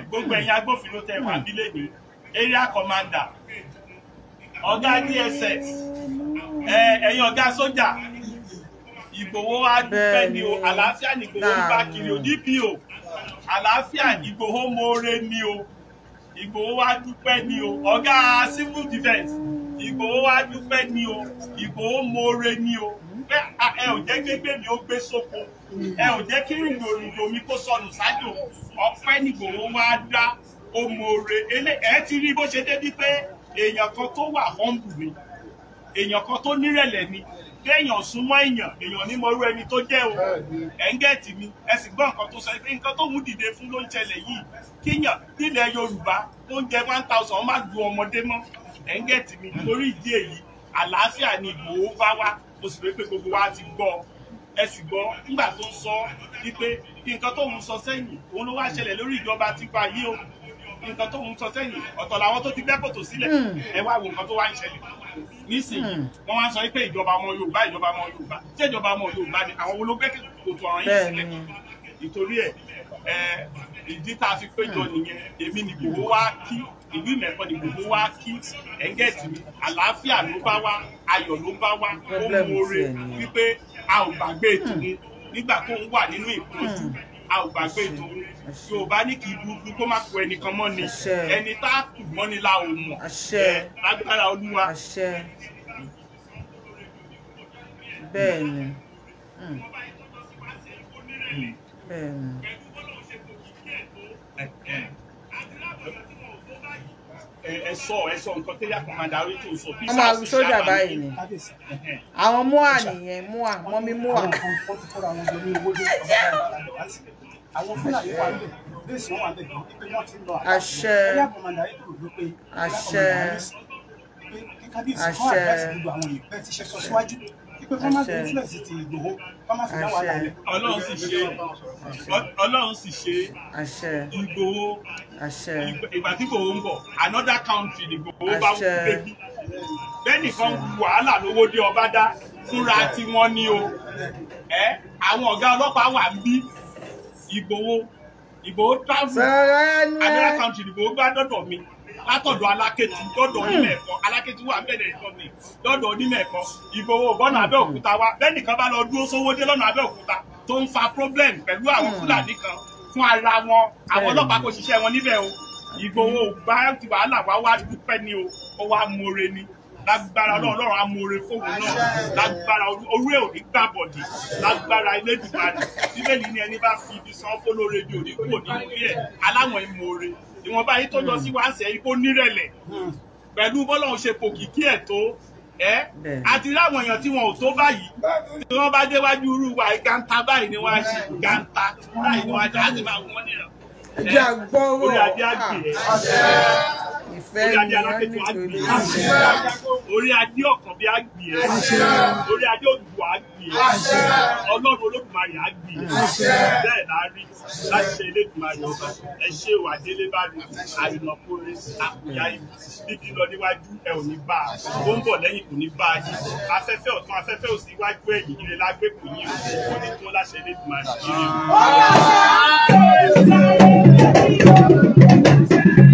gbogbo ẹ̀yin agbófinró tẹ̀ wá bílẹ̀ mi area commander ọ̀gá DSS ẹ̀yin ọ̀gá sójà Ìgbòho wa dúpẹ́ ni o àlàáfíà nìgbòho ń bá kiri o DPO àlàáfíà Ìgbòho moore ni o Ìgbòho wa dúpẹ́ ni o ọ̀gá civil defence Ìgbòho wa dúpẹ́ ni o Ìgbòho moore ni o pé ẹ ò jẹ́ gbégbé mi ó gbé sóko ẹ ò jẹ́ kí rìndò rìndò mi kó sọnù ṣáájú ọpẹ́ nìgbòho wá dá ọmọọ̀rẹ́ elé ẹ ti rí bó ṣe débi pé èèyàn kan tó wà họ́ǹbù mi èèyàn kan tó nírẹ̀lẹ̀ ni kéèyàn súnmọ́ èèyàn èèyàn ní mọ̀rú ẹni tó jẹ́ o ẹ̀ńgẹ́ẹ̀tì mi ẹ sì gbọ́ nǹkan tó sọ pé nǹkan tó ń dìde fún ló ń ṣẹlẹ̀ yìí kíyàn nílẹ̀ Yorùbá tó ń jẹ one thousand má du ọmọdé mọ́ ẹ̀ńgẹ́ẹ̀tì mi lórí ìdí èyí àlàáfíà ni Ìgbòho bá wá mo sì pé gbogbo wa ti gbọ́ ẹ sì gbọ́ nígbà tó ń sọ wípé nǹkan tó ń sọ sẹ́yìn òun ló wá ṣẹlẹ̀ lórí ìjọba tipa nǹkan tó ń sọ sẹ́yìn ọ̀tọ̀ làwọn tó ti gbẹ́ kòtò sílẹ̀ hmm. ẹ wá wo nǹkan tó wá ń ṣẹlẹ̀ nísìnyí hmm. wọ́n wá sọ pé ìjọba ọmọ Yorùbá ìjọba ọmọ Yorùbá ṣé ìjọba ọmọ Yorùbá ni àwọn olóògbé kòtò ọ̀ràn yìí sílẹ̀ ìtorí ẹ̀ ìdí tá a fi péjọ hmm. nìyẹn èmi ni gbogbo wá kí ìlú ìmẹ̀kọ́ ni gbogbo wá kí ẹ̀ńgẹ̀tì mi àlàáfíà ló bá wá ayọ̀ ló bá wá ó mú oore wípé a ò gbàgbé ètò nígbà tó ń wà nínú ìpọ́njú a ò gbàgbé ìtòun yorùbá ní kì í dúdú kó má ku ẹnìkan mọ́ ni ẹni tá a tù mọ́ ni la ò mọ̀ ẹ lágbára olúwa. bẹ́ẹ̀ ni hmm. bẹ́ẹ̀ ni. ẹ sọ ẹ sọ nǹkan tẹ́lẹ̀ àkànmọ́dá orí tó sọ bí sáà sí sábà báyìí ni àwọn mua nìyẹn mua mọ́mí mua. ẹ jẹun àwọn fúlàní wà lẹ̀ léèsì wọn wà lẹ̀ gan pé wọ́n ti lọ àṣẹ ẹ̀yà kọ̀mọ̀dà ètò ló pé àṣẹ pé kábíyèsí kan àdáṣe gbogbo àwọn ìpẹ́ ti ṣe sọ síwájú pé kọ́ máa fi influence ti Ìgbòho kọ́ máa fi dá wàhálà rẹ̀. Ọlọ́run sì ṣe Ọlọ́run sì ṣe Ìgbòho ìgbà tí Ìgbòho ń bọ̀ another country ni Ìgbòho bá ń gbégi bẹ́ẹ̀ nìkan wàhálà lówó dé ọba dá fúnra tiwọn ni o àwọn ọ̀gá ọlọ́pàá wà ń bí Ìgbòho Ìgbòho travel Anambra country Ìgbòho gbá dọ́dọ̀ mi látọ̀dọ̀ alákẹ́tì dọ́dọ̀ onímọ̀ ẹ̀kọ́ alákẹ́tì wà mẹ́rẹ̀ ẹ̀kọ́ mi dọ́dọ̀ onímọ̀ ẹ̀kọ́ Ìgbòho bọ́nà Abẹ́òkúta wa bẹ́ẹ̀ nìkan bá lọ dúró Sówódé lọ́nà Abẹ́òkúta tó ń fa problem pẹ̀lú àwọn hmm. Fúlàní kan fún ara wọn àwọn ọlọ́pàá kò ṣiṣẹ́ wọn níbẹ̀ o Ìgbòho gbá ti wàhálà wá wá dúpẹ́ ni o ó wá more ni lágbára ọlọ́run amóore fóun náà lágbára orú ẹ̀ òní gbàbọ̀dì lágbára ilédùmarè bíbélì ni ẹni bá fi ibi san fólóore di òní kúrò nínú ilé ẹ̀ aláwọ̀ ìmoore ìwọ̀nba yìí tó lọ sí wáṣẹ̀ igbó nírẹ̀lẹ̀ pẹ̀lú bọ́lọ́run ṣe pòkìkí ẹ̀ tó ẹ́ àti láwọn èèyàn tí wọn ò tó báyìí tí wọ́n bá déwájú irú wa gàǹtà báyìí ni wọ́n á ṣe gàǹtà báyìí ni wọ́n á ṣe á sì máa wọ́n nìyẹn. ẹ jẹ́ àgbọ̀ wọ̀ ọ́ orí adé alákẹ́tù àgbè orí adé ọ̀kan bí àgbè orí adé òdùwà àgbè ọlọ́run olódùmarè àgbè bẹ́ẹ̀ la rí láti ṣe elédùmarè ọba ẹ ṣe wà délé bá mi àrìnàkúnrin àkùyá ibi bíbí lọ níwájú ẹ ò ní bá a ó ń bọ̀ lẹ́yìn kò ní bá a yìí afẹ́fẹ́ ọ̀tún afẹ́fẹ́ òsì iwájú ẹ̀yìn ire lágbé kò yí o ó ní tó láṣẹ elédùmarè ire. Thank you.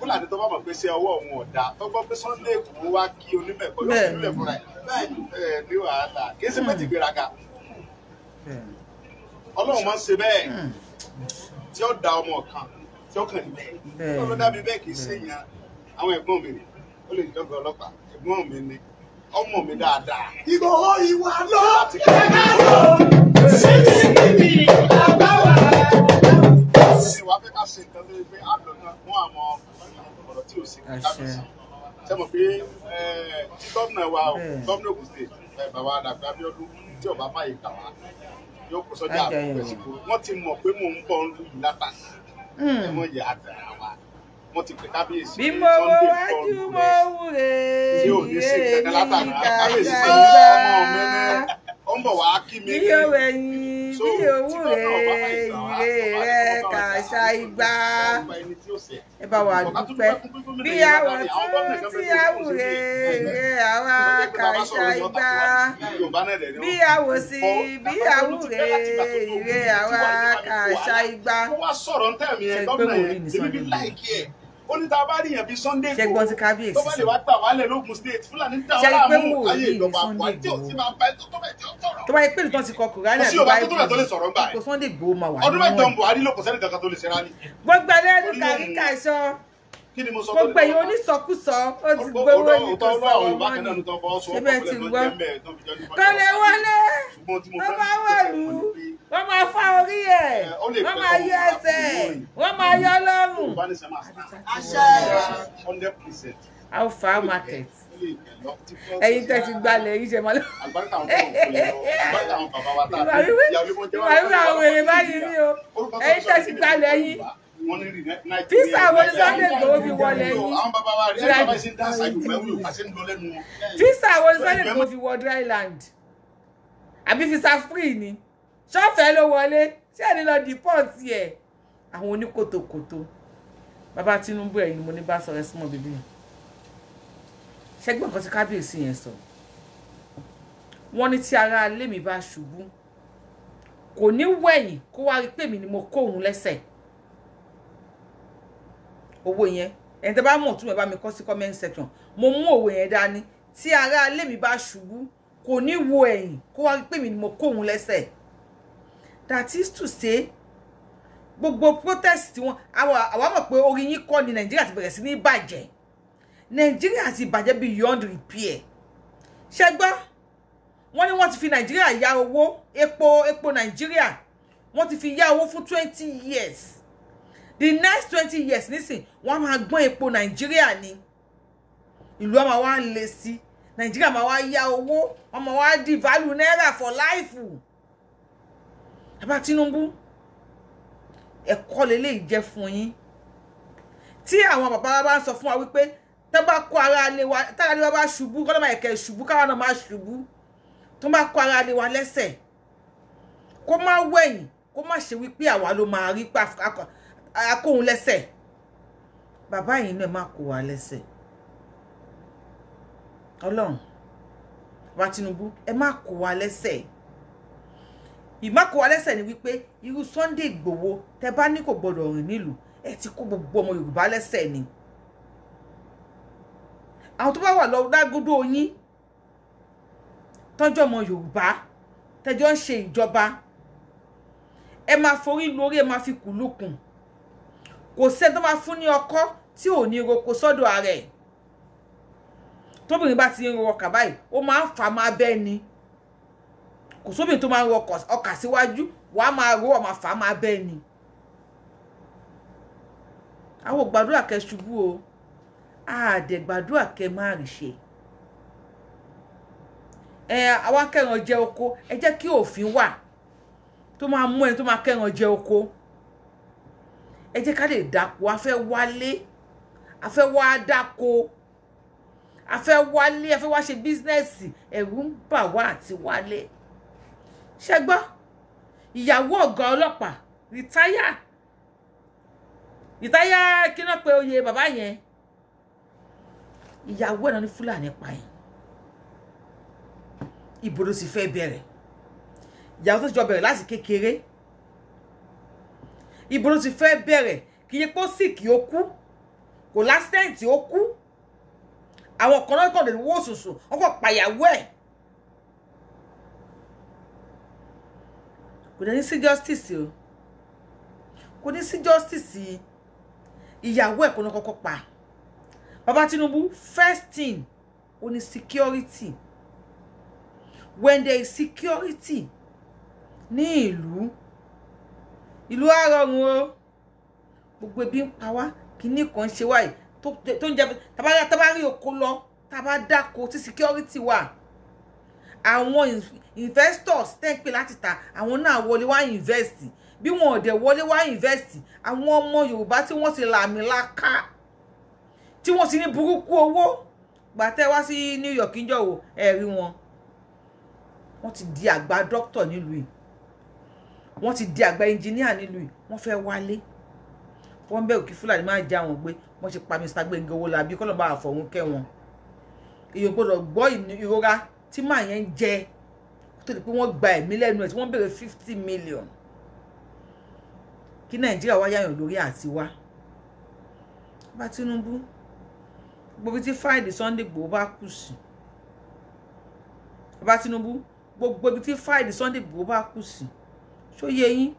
fúlàní tó bá mọ̀ pé ṣé ọwọ́ òun ọ̀dà tó gbọ́ pé Sunday Igboho wá kí onímẹ̀kọ́ lọ sí ilé fúnra ẹ̀ bẹ́ẹ̀ ni wàhálà kì í ṣe pẹ́ẹ́tì hmm. gbéraga ọlọ́run máa ń ṣe bẹ́ẹ̀ hmm. tí ó da ọmọ kan tí ó kàn lẹ̀ ọlọ́run dàbí bẹ́ẹ̀ kì í ṣe èèyàn àwọn ẹ̀gbọ́n mi ó lè jọ́gọ̀ ọlọ́pàá ẹ̀gbọ́n mi ni ọmọ mi dáadáa Igboho ìwà lọ́ọ́ ṣe mọ̀ pé tí gómìnà wa o gómìnà Ògùn state bàbá Dàpọ̀ Abíọ́dún tí ọba máa yìí kà wá yóò kó sọ́jà àpòpẹ̀sìkò wọ́n ti mọ̀ pé mò ń bọ̀ ń yìí látàsí hmm. ẹ̀ mọ̀ yẹ àtàrà wa wọ́n ti pè kábíyèsí bí mo wọ wájú mo wúre yìí èyí kà yà ó ń bọ̀ wá kí mi. bí owó ẹyin bí owó rẹ ìrè rẹ kàṣà igba ẹ bá wa dúpẹ́ bí àwọn tún tí àwùrẹ rẹ àwa kàṣà igba bí àwọn sí bí àwùrẹ ìrè àwa kàṣà igba. ṣe gbé mo rí ní sọ́dọ̀ ó ní tá a bá rí yàn bí Sunday kó tó bá lè wá gbà wálẹ̀ lógun state fúlàní dá wọn ayé ìjọba àpò àti òsì máa bá ẹjọ́ tó bẹ̀ jẹ́ ọ̀rọ̀. tó bá yẹ pé nìkan ti kọ kùránì àti báyìí kò sí tó lè sọ̀rọ̀ ńgbà yẹn kò Sunday gbòó máa wà nínú wọn. ọdún mẹ́jọ Buhari ló kò sẹ́ni kankan tó lè ṣe rání. gbogbo ẹlẹ́rìí kàríkà sọ gbogbo èèyàn onísọkúsọ ó ti gbowó ní kò sọ ọmọ ní ibẹ̀ ti ń gbọ́ kọ́lé wọlé wọ́n máa wọ̀lú wọ́n máa fá orí ẹ̀ wọ́n máa yọ ẹsẹ̀ wọ́n máa yọ lọ́rùn. alfa market ẹ̀yin tẹ́ ti gbalẹ̀ yìí jẹ mọlẹ. ìwà wíwá àwọn èrè báyìí ni o ẹ̀yin tẹ́ ti gbalẹ̀ yìí fisa àwọn Sunday Igboho fi wọlé yín fisa àwọn Sunday Igboho fi wọ dry land àbí fisa free ni ṣọ́ọ̀fẹ́ ló wọlé ṣé ẹni lọ deport ẹ̀ àwọn oníkòtòkòtò bàbá Tinubu ẹ̀yìn ni mo ní bá sọ ẹ súnmọ́ bíbí ṣẹ́gbọ́n kan tí kábíyèsí yẹn sọ wọ́n ní tí ara ilé mi bá ṣubú kò ní wẹ̀yìn kó wá rí pèmí ni mo kó òun lẹ́sẹ̀ owó yẹn ẹni tẹ bá mọ̀ tún ẹ bá mi kọ sí comment section mo mú òwe yẹn dání tí ara ilé mi bá ṣubú kò ní wo ẹ̀yìn kó wá pè mí ni mo kó òun lẹ́sẹ̀ that is to say gbogbo protest tí wọn àwa mọ̀ pé orí yín kọ́ ni nàìjíríà ti bẹ̀rẹ̀ sí ní bàjẹ́ nàìjíríà ti bàjẹ́ beyond repair ṣé gbọ́ wọ́n ní wọ́n ti fi nàìjíríà yá owó epo epo nàìjíríà wọ́n ti fi yá owó fún twenty years the next twenty years nísìn wọ́n máa gbọ́n epo nàìjíríà ni ìlú ọmọ wa ń le sí nàìjíríà máa wá yá owó ọmọ wa di value náírà for life bàbá Tinubu ẹ̀kọ́ lélẹ́yìí jẹ́ fún yín tí àwọn bàbá wa bá ń sọ fún wa wípé tó bá kó ara lé wa tára lé wa bá ṣubú kọ́ ló máa kẹ̀ ṣubú káwa náà máa ṣubú tó bá kó ara lé wa lẹ́sẹ̀ kó má wẹ̀yìn kó má ṣe wípé àwa ló máa rí pàfọ́ akóhun lẹ́sẹ̀ bàbá yìí náà má kó wa lẹ́sẹ̀ ọlọ́run bàbá Tinubu ẹ má kó wa lẹ́sẹ̀ ìmákò lẹ́sẹ̀ ni wípé irú Sunday Igboho tẹ bá ní kò gbọdọ̀ rìn nílùú ẹ ti kó gbogbo ọmọ Yorùbá lẹ́sẹ̀ ni àwọn tó bá wà lọ lágúdú oyin tọ́jú ọmọ Yorùbá tẹjọ́ ń ṣe ìjọba ẹ máa forí lórí ẹ máa fi kù kò sẹ́ni tó máa fún ní ọkọ́ tí ò ní roko sọ́dọ̀ ara ẹ̀ tóbìnrin bá ti ń ro ọkà báyìí ó máa ń fà máa bẹ́ ni kò sóbìnrin tó máa ń ro ọkà síwájú wàá máa ro ọ̀ máa fà máa bẹ́ ni àwọn ò gbàdúrà kẹ́ ṣubú o àdẹ̀ gbàdúrà kẹ́ má rí ṣe ẹ àwa kẹ́ran jẹ oko ẹ jẹ́ kí òfin wà tó máa mú ẹni tó máa kẹ́ran jẹ oko ẹ jẹ́ ká lè dáko a fẹ́ wálé a fẹ́ wá dáko a fẹ́ wálé a fẹ́ wá ṣe bísínẹ́sì ẹ̀rù ń bà wá àti wálé ṣe gbọ́ ìyàwó ọ̀gá ọlọ́pàá rìtáyà rìtáyà kí náà pé oyè bàbá yẹn ìyàwó ẹ̀ náà ní fúlàní pa yẹn ìbò ló sì fẹ́ bẹ̀rẹ̀ ìyàwó tó ti jọ bẹ̀rẹ̀ láti kékeré. Ke ibo ló ti fẹ́ bẹ̀rẹ̀ kì í yẹ pé ó sì kì ó kú kò lásìtẹ́ǹtì ó kú àwọn kan náà kàn lè wó òṣùṣù wọn kàn pàyàwó ẹ̀ kò ní sí justice o kò ní sí justice ìyàwó ẹ̀ kò ní kọ́kọ́ pa bàbá Tinubu first thing ó ní security when there is security ní ìlú ìlú á rọrùn o gbogbo ebi ń pa wá kíní kan ṣe wáyé tó ń jẹ tábà rí oko lọ tábà dáko tí security wà àwọn investors tẹ́ ń pè láti ta àwọn náà wọlé wá invest bí wọn ò dẹ̀ wọlé wá invest àwọn ọmọ Yorùbá tí wọ́n ti làmì láká tí wọ́n ti ní burúkú owó gbàtẹ́ wá sí New York ń jọ̀wọ́ ẹ̀rí wọn wọ́n ti di àgbà dókítà nílùú yìí wọ́n ti di àgbà ẹnjìníà nílùú yìí wọ́n fẹ́ wálé wọ́n ń bẹ̀rù kí fúlàní máa já wọn gbé wọ́n ṣe pa Mr. Gbénga Owólabí kọ́lọ́ bá àfọ̀hún kẹ́ wọn èèyàn gbọ́dọ̀ gbọ́ ìrora tí màá yẹn ń jẹ tó di pé wọ́n gba ẹ̀mí lẹ́nu ẹ̀ tí wọ́n béèrè fifty million kí Nàìjíríà wá yáyàn lórí àti wá bá Tinubu gbogbo tí fáìlì Sunday Igboho bá kù sí bá Tinubu gbogbo ibi tí fáìlì Sunday Igboho bá kù sí ṣó yé yín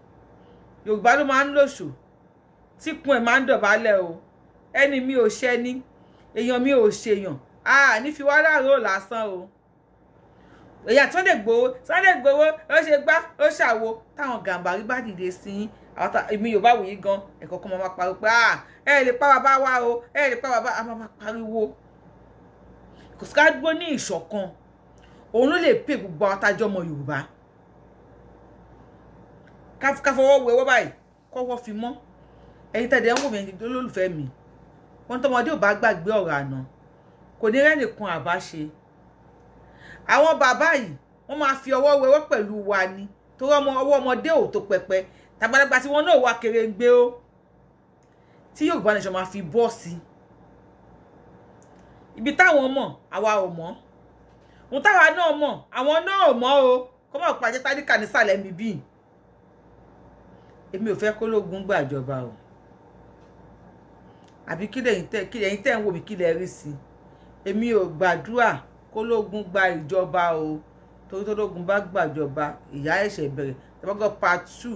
yorùbá ló máa ń lòṣù tíkun ẹ̀ máa ń dọ̀bálẹ̀ o ẹni mi ò ṣẹni èèyàn mi ò ṣèyàn a ní fi wá ráàrò lásán o èyàn tó lè gbowó tó lè gbowó ó ṣe gbá ó ṣàwo táwọn gàǹbàrí bá dìde sí yín àwọn èmi yorùbá wò gan ẹ̀kọ́ kan máa pariwo pé ẹ lè pa bàbá wa o ẹ lè pa bàbá a máa pariwo kò sí ká dúró ní ìṣọ̀kan òun ló lè pè gbogbo àwọn tájọ́ ọmọ yorùbá káfọwọ́ wẹ wọ́ báyìí kọ́wọ́ fi mọ́ ẹ̀yin tẹ̀dẹ̀ ń wò mí olólùfẹ́ mi wọn tọmọdé ò bá gbàgbé ọ̀rọ̀ àná kò ní rẹ́nìkan àbá ṣe àwọn bàbá yìí wọ́n máa fi ọwọ́ wẹwọ́ pẹ̀lú wa ni torí ọmọ ọwọ́ ọmọdé ò tó pẹpẹ tàgbàlagbà tí wọn náà wà kèrèǹgbè o tí Yorùbá nation máa fi bọ́ sí ibi táwọn mọ̀ àwa ò mọ̀ ohun táwa náà mọ̀ àwọn náà ò mọ̀ o kọ́mọ̀ pàjẹ́ tádìkà nísàlẹ̀ mi bíi èmi ò fẹ́ kó lóògùn gbàjọba o àbí kí lẹ́yìn tẹ́ kí lẹ́yìn tẹ́ ń wò mí kí lẹ́ rí sí i èmi ò gbàdúrà kó lóògùn gba ìjọba o torí tó lóògùn bá gbàjọba ìyá ẹ̀ṣẹ̀ bẹ̀rẹ̀ tẹ́fọ́gọ́ part two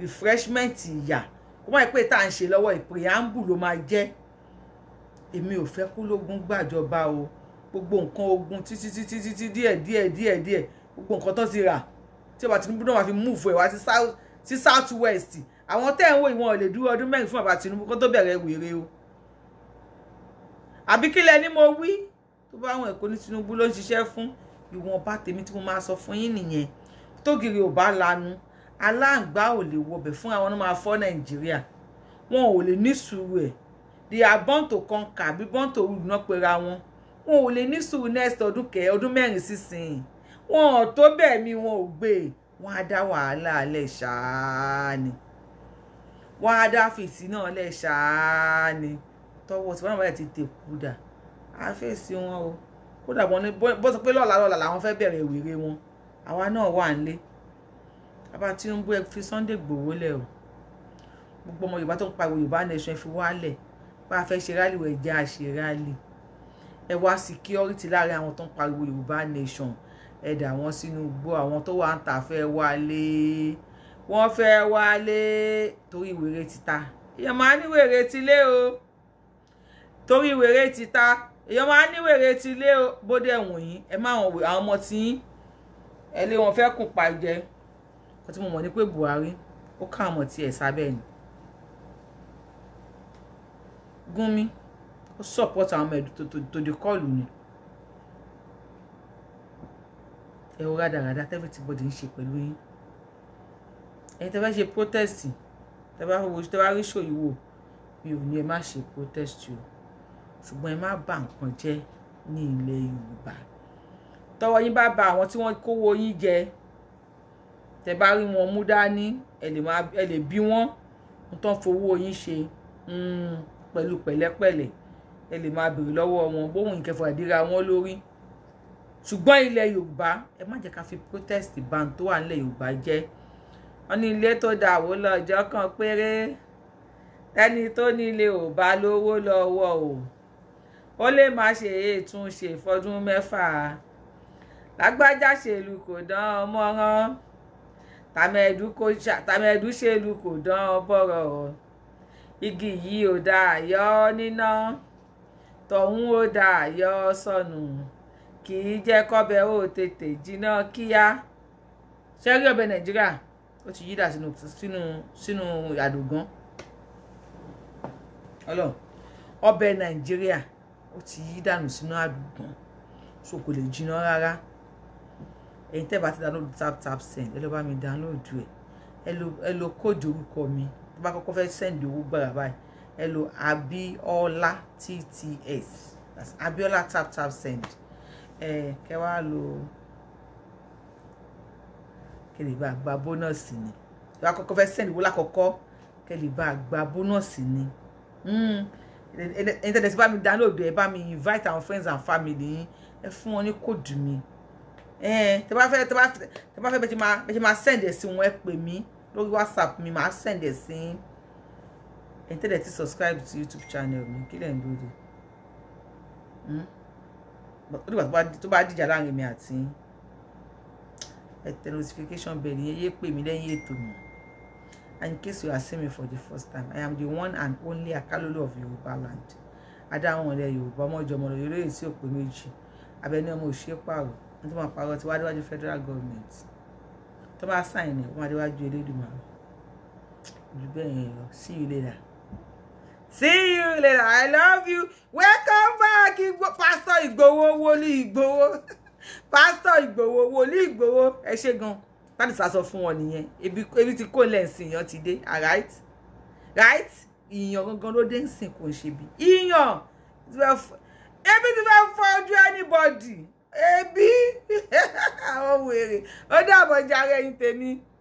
refreshment ìyà kó má pé tá à ń ṣe lọ́wọ́ preamble ló máa jẹ́ èmi ò fẹ́ kó lóògùn gbàjọba o gbogbo nǹkan ogun títí títí títí díẹ̀ díẹ̀ díẹ̀ díẹ̀ gbogbo nǹkan tó ti rà tí ọba Tinubu náà wà fi múùfù ẹ̀ wá sí south Si south west àwọn tẹ́ ń wò ìwọ̀n ò lè dúró ọdún mẹ́rin fún bàbá Tinubu kó to bẹ̀rẹ̀ wèrè o àbí kí lẹ ni mo wí tó bá àwọn èkó ní Tinubu ló ń ṣiṣẹ́ fún ìwọ̀nba tèmi tí mo máa sọ fún yín nìyẹn tógìrì ò bá lanu aláǹgbá ò lè wọbẹ̀ fún àwọn náà máa fọ́ Nàìjíríà wọn ò lè ní sùúrù ẹ̀ they are born to conquer àbí born to rule náà pera wọn wọn ò lè ní sùúrù next ọdún kẹ ọdún mẹ́rin sísìn wọn ò tó bẹ́ẹ̀ mi wọn ò gbé wọ́n á dá wàhálà lẹ̀ ṣáá ni wọ́n á dá fìtì náà lẹ̀ ṣáá ni tọwọ́ tí wọ́n náà ti tè kúdà á fèsì wọn o kódà wọn ní bó sọ pé lọ́la lọ́la làwọn fẹ́ bẹ̀rẹ̀ ìwéré wọn àwa náà wà nílé bàbá Tinubu ẹ fi Sunday Igboho lẹ̀ o gbogbo ọmọ Yorùbá tó ń pariwo Yorùbá nation fi wálẹ̀ bá a fẹ́ ṣe rálì wẹ̀ jẹ́ àṣẹ rálì ẹ wá security láàrin àwọn tó ń pariwo Yorùbá nation ẹ dà wọ́n sínú igbó àwọn tó wà ń tà fẹ́ wálé wọ́n fẹ́ wálé torí wèrè ti ta èèyàn máa ní wèrè ti lé o torí wèrè ti ta èèyàn máa ní wèrè ti o bóde wọ̀nyí ẹ má wọn àwọn ọmọ tí ẹ lé wọn fẹ́ kù pa jẹ kó mo mọ̀ ní pé Buhari ó ká àwọn tiẹ̀ sábẹ́ ni Gumi ó support àwọn ọmọ ẹ̀dùn tó dé kọ́ọ̀lù ni. ẹ̀rọ rádaràda everybody ń ṣe pẹ̀lú yín ẹ̀yin tẹ́ bá ṣe protest tẹ́ bá wo tẹ́ bá rí ṣòyíwò mi ò ní ẹ má ṣe protest o ṣùgbọ́n ẹ má bà nǹkan jẹ́ ní ilẹ̀ Yorùbá tọ́wọ́ yín bá ba àwọn tí wọ́n kówó yín jẹ tẹ́ bá rí wọn mú dání ẹ lè bí wọn n tán fowó yín ṣe hmm, pẹ̀lú pẹ̀lẹ́pẹ̀lẹ́ ẹ lè máa béèrè lọ́wọ́ wọn bóun ìkẹfà dira wọn lórí ṣùgbọ́n ilẹ̀ yorùbá ẹ má jẹ́ ká fi protest ban tó wà nílẹ̀ yorùbá jẹ́ wọ́n ní ilé tó dà wó lọ́jọ́ kan péré ẹni tó nílé ò bá lówó lọ́wọ́ o ó lè má ṣe ètúnṣe fọdún mẹ́fà lágbájá ṣèlú kò dán ọmọ rán tàmẹ̀dù ṣèlú kò dán bọ̀rọ̀ igi yìí ò dáa yọ níná tọ̀hún ò dáa yọ sọnù. So kì í jẹ́ kọ́bẹ̀ ó tètè jiná kíá ṣẹ́rí ọbẹ̀ nàìjíríà ó ti yídà sínú sínú sínú àdùgán ọlọ ọbẹ̀ nàìjíríà ó ti yídànù sínú àdùgán so kò lè jiná rárá ẹ̀yin tẹ́ bá ti download tap tap send ẹ lọ bá mi download ẹ ẹ lo kóòdù orúkọ mi tó bá kọ́kọ́ fẹ́ send owó gbàrà báyìí ẹ lo abiola tts abiola tap tap send ẹ kẹ́ wá lo kẹ́ lè bá gba bónọ́ọ̀sì ni ìwà kọ́kọ́ fẹ́ sẹ́ndì wọ́n lákọ́kọ́ kẹ́ lè bá gba bónọ́ọ̀sì ni hmm. ẹni tẹ́lẹ̀ sí bá mi download ẹ bá mi invite àwọn friends and family yín ẹ fún wọn ní kóòdù mi tẹ́ bá fẹ́ tẹ́ bá fẹ́ bẹ́ẹ̀ ti máa send ẹ̀ sí wọn ẹ pè mí lórí whatsapp mi máa send ẹ̀ sí ẹni tẹ́lẹ̀ ti subscribe to youtube channel mi kí lẹ́yìn lóde. Mm-hmm nígbà tó bá dìjà láàrin mi àti ẹtẹ notification bell yẹn yé pè mí lẹ́yìn ètò mi and in case you are seeing me for the first time i am the one and only akalolo of Yorùbá land adáwọn ọ̀rẹ́ Yorùbá ọmọjọ ọmọ Yorùbá èyí tí ò pé méjì abẹni ọmọ òṣìṣẹ́ pààrọ̀ ní tó máa pààrọ̀ tí wàá déwájú federal government tó bá sáìn ní wọ́n máa déwájú Elédùmarè jù bẹ́ẹ̀ yẹn lọ sí ìlera see you later i love you welcome back igbo pastor igbowo woli igbowo pastor igbowo woli igbowo ẹ ṣe gan láti sàsọ fún wọn nìyẹn ebi ti kó lẹ́ǹsì ìyàn ti dé alright right ìyàn gangan ló dé ń sìn kò ń ṣe bí ìyàn ebi ti fẹ́ fọ́jú anybody ebi àwọn wèrè ó dàbọ̀ jàre ẹ̀yin tèmi.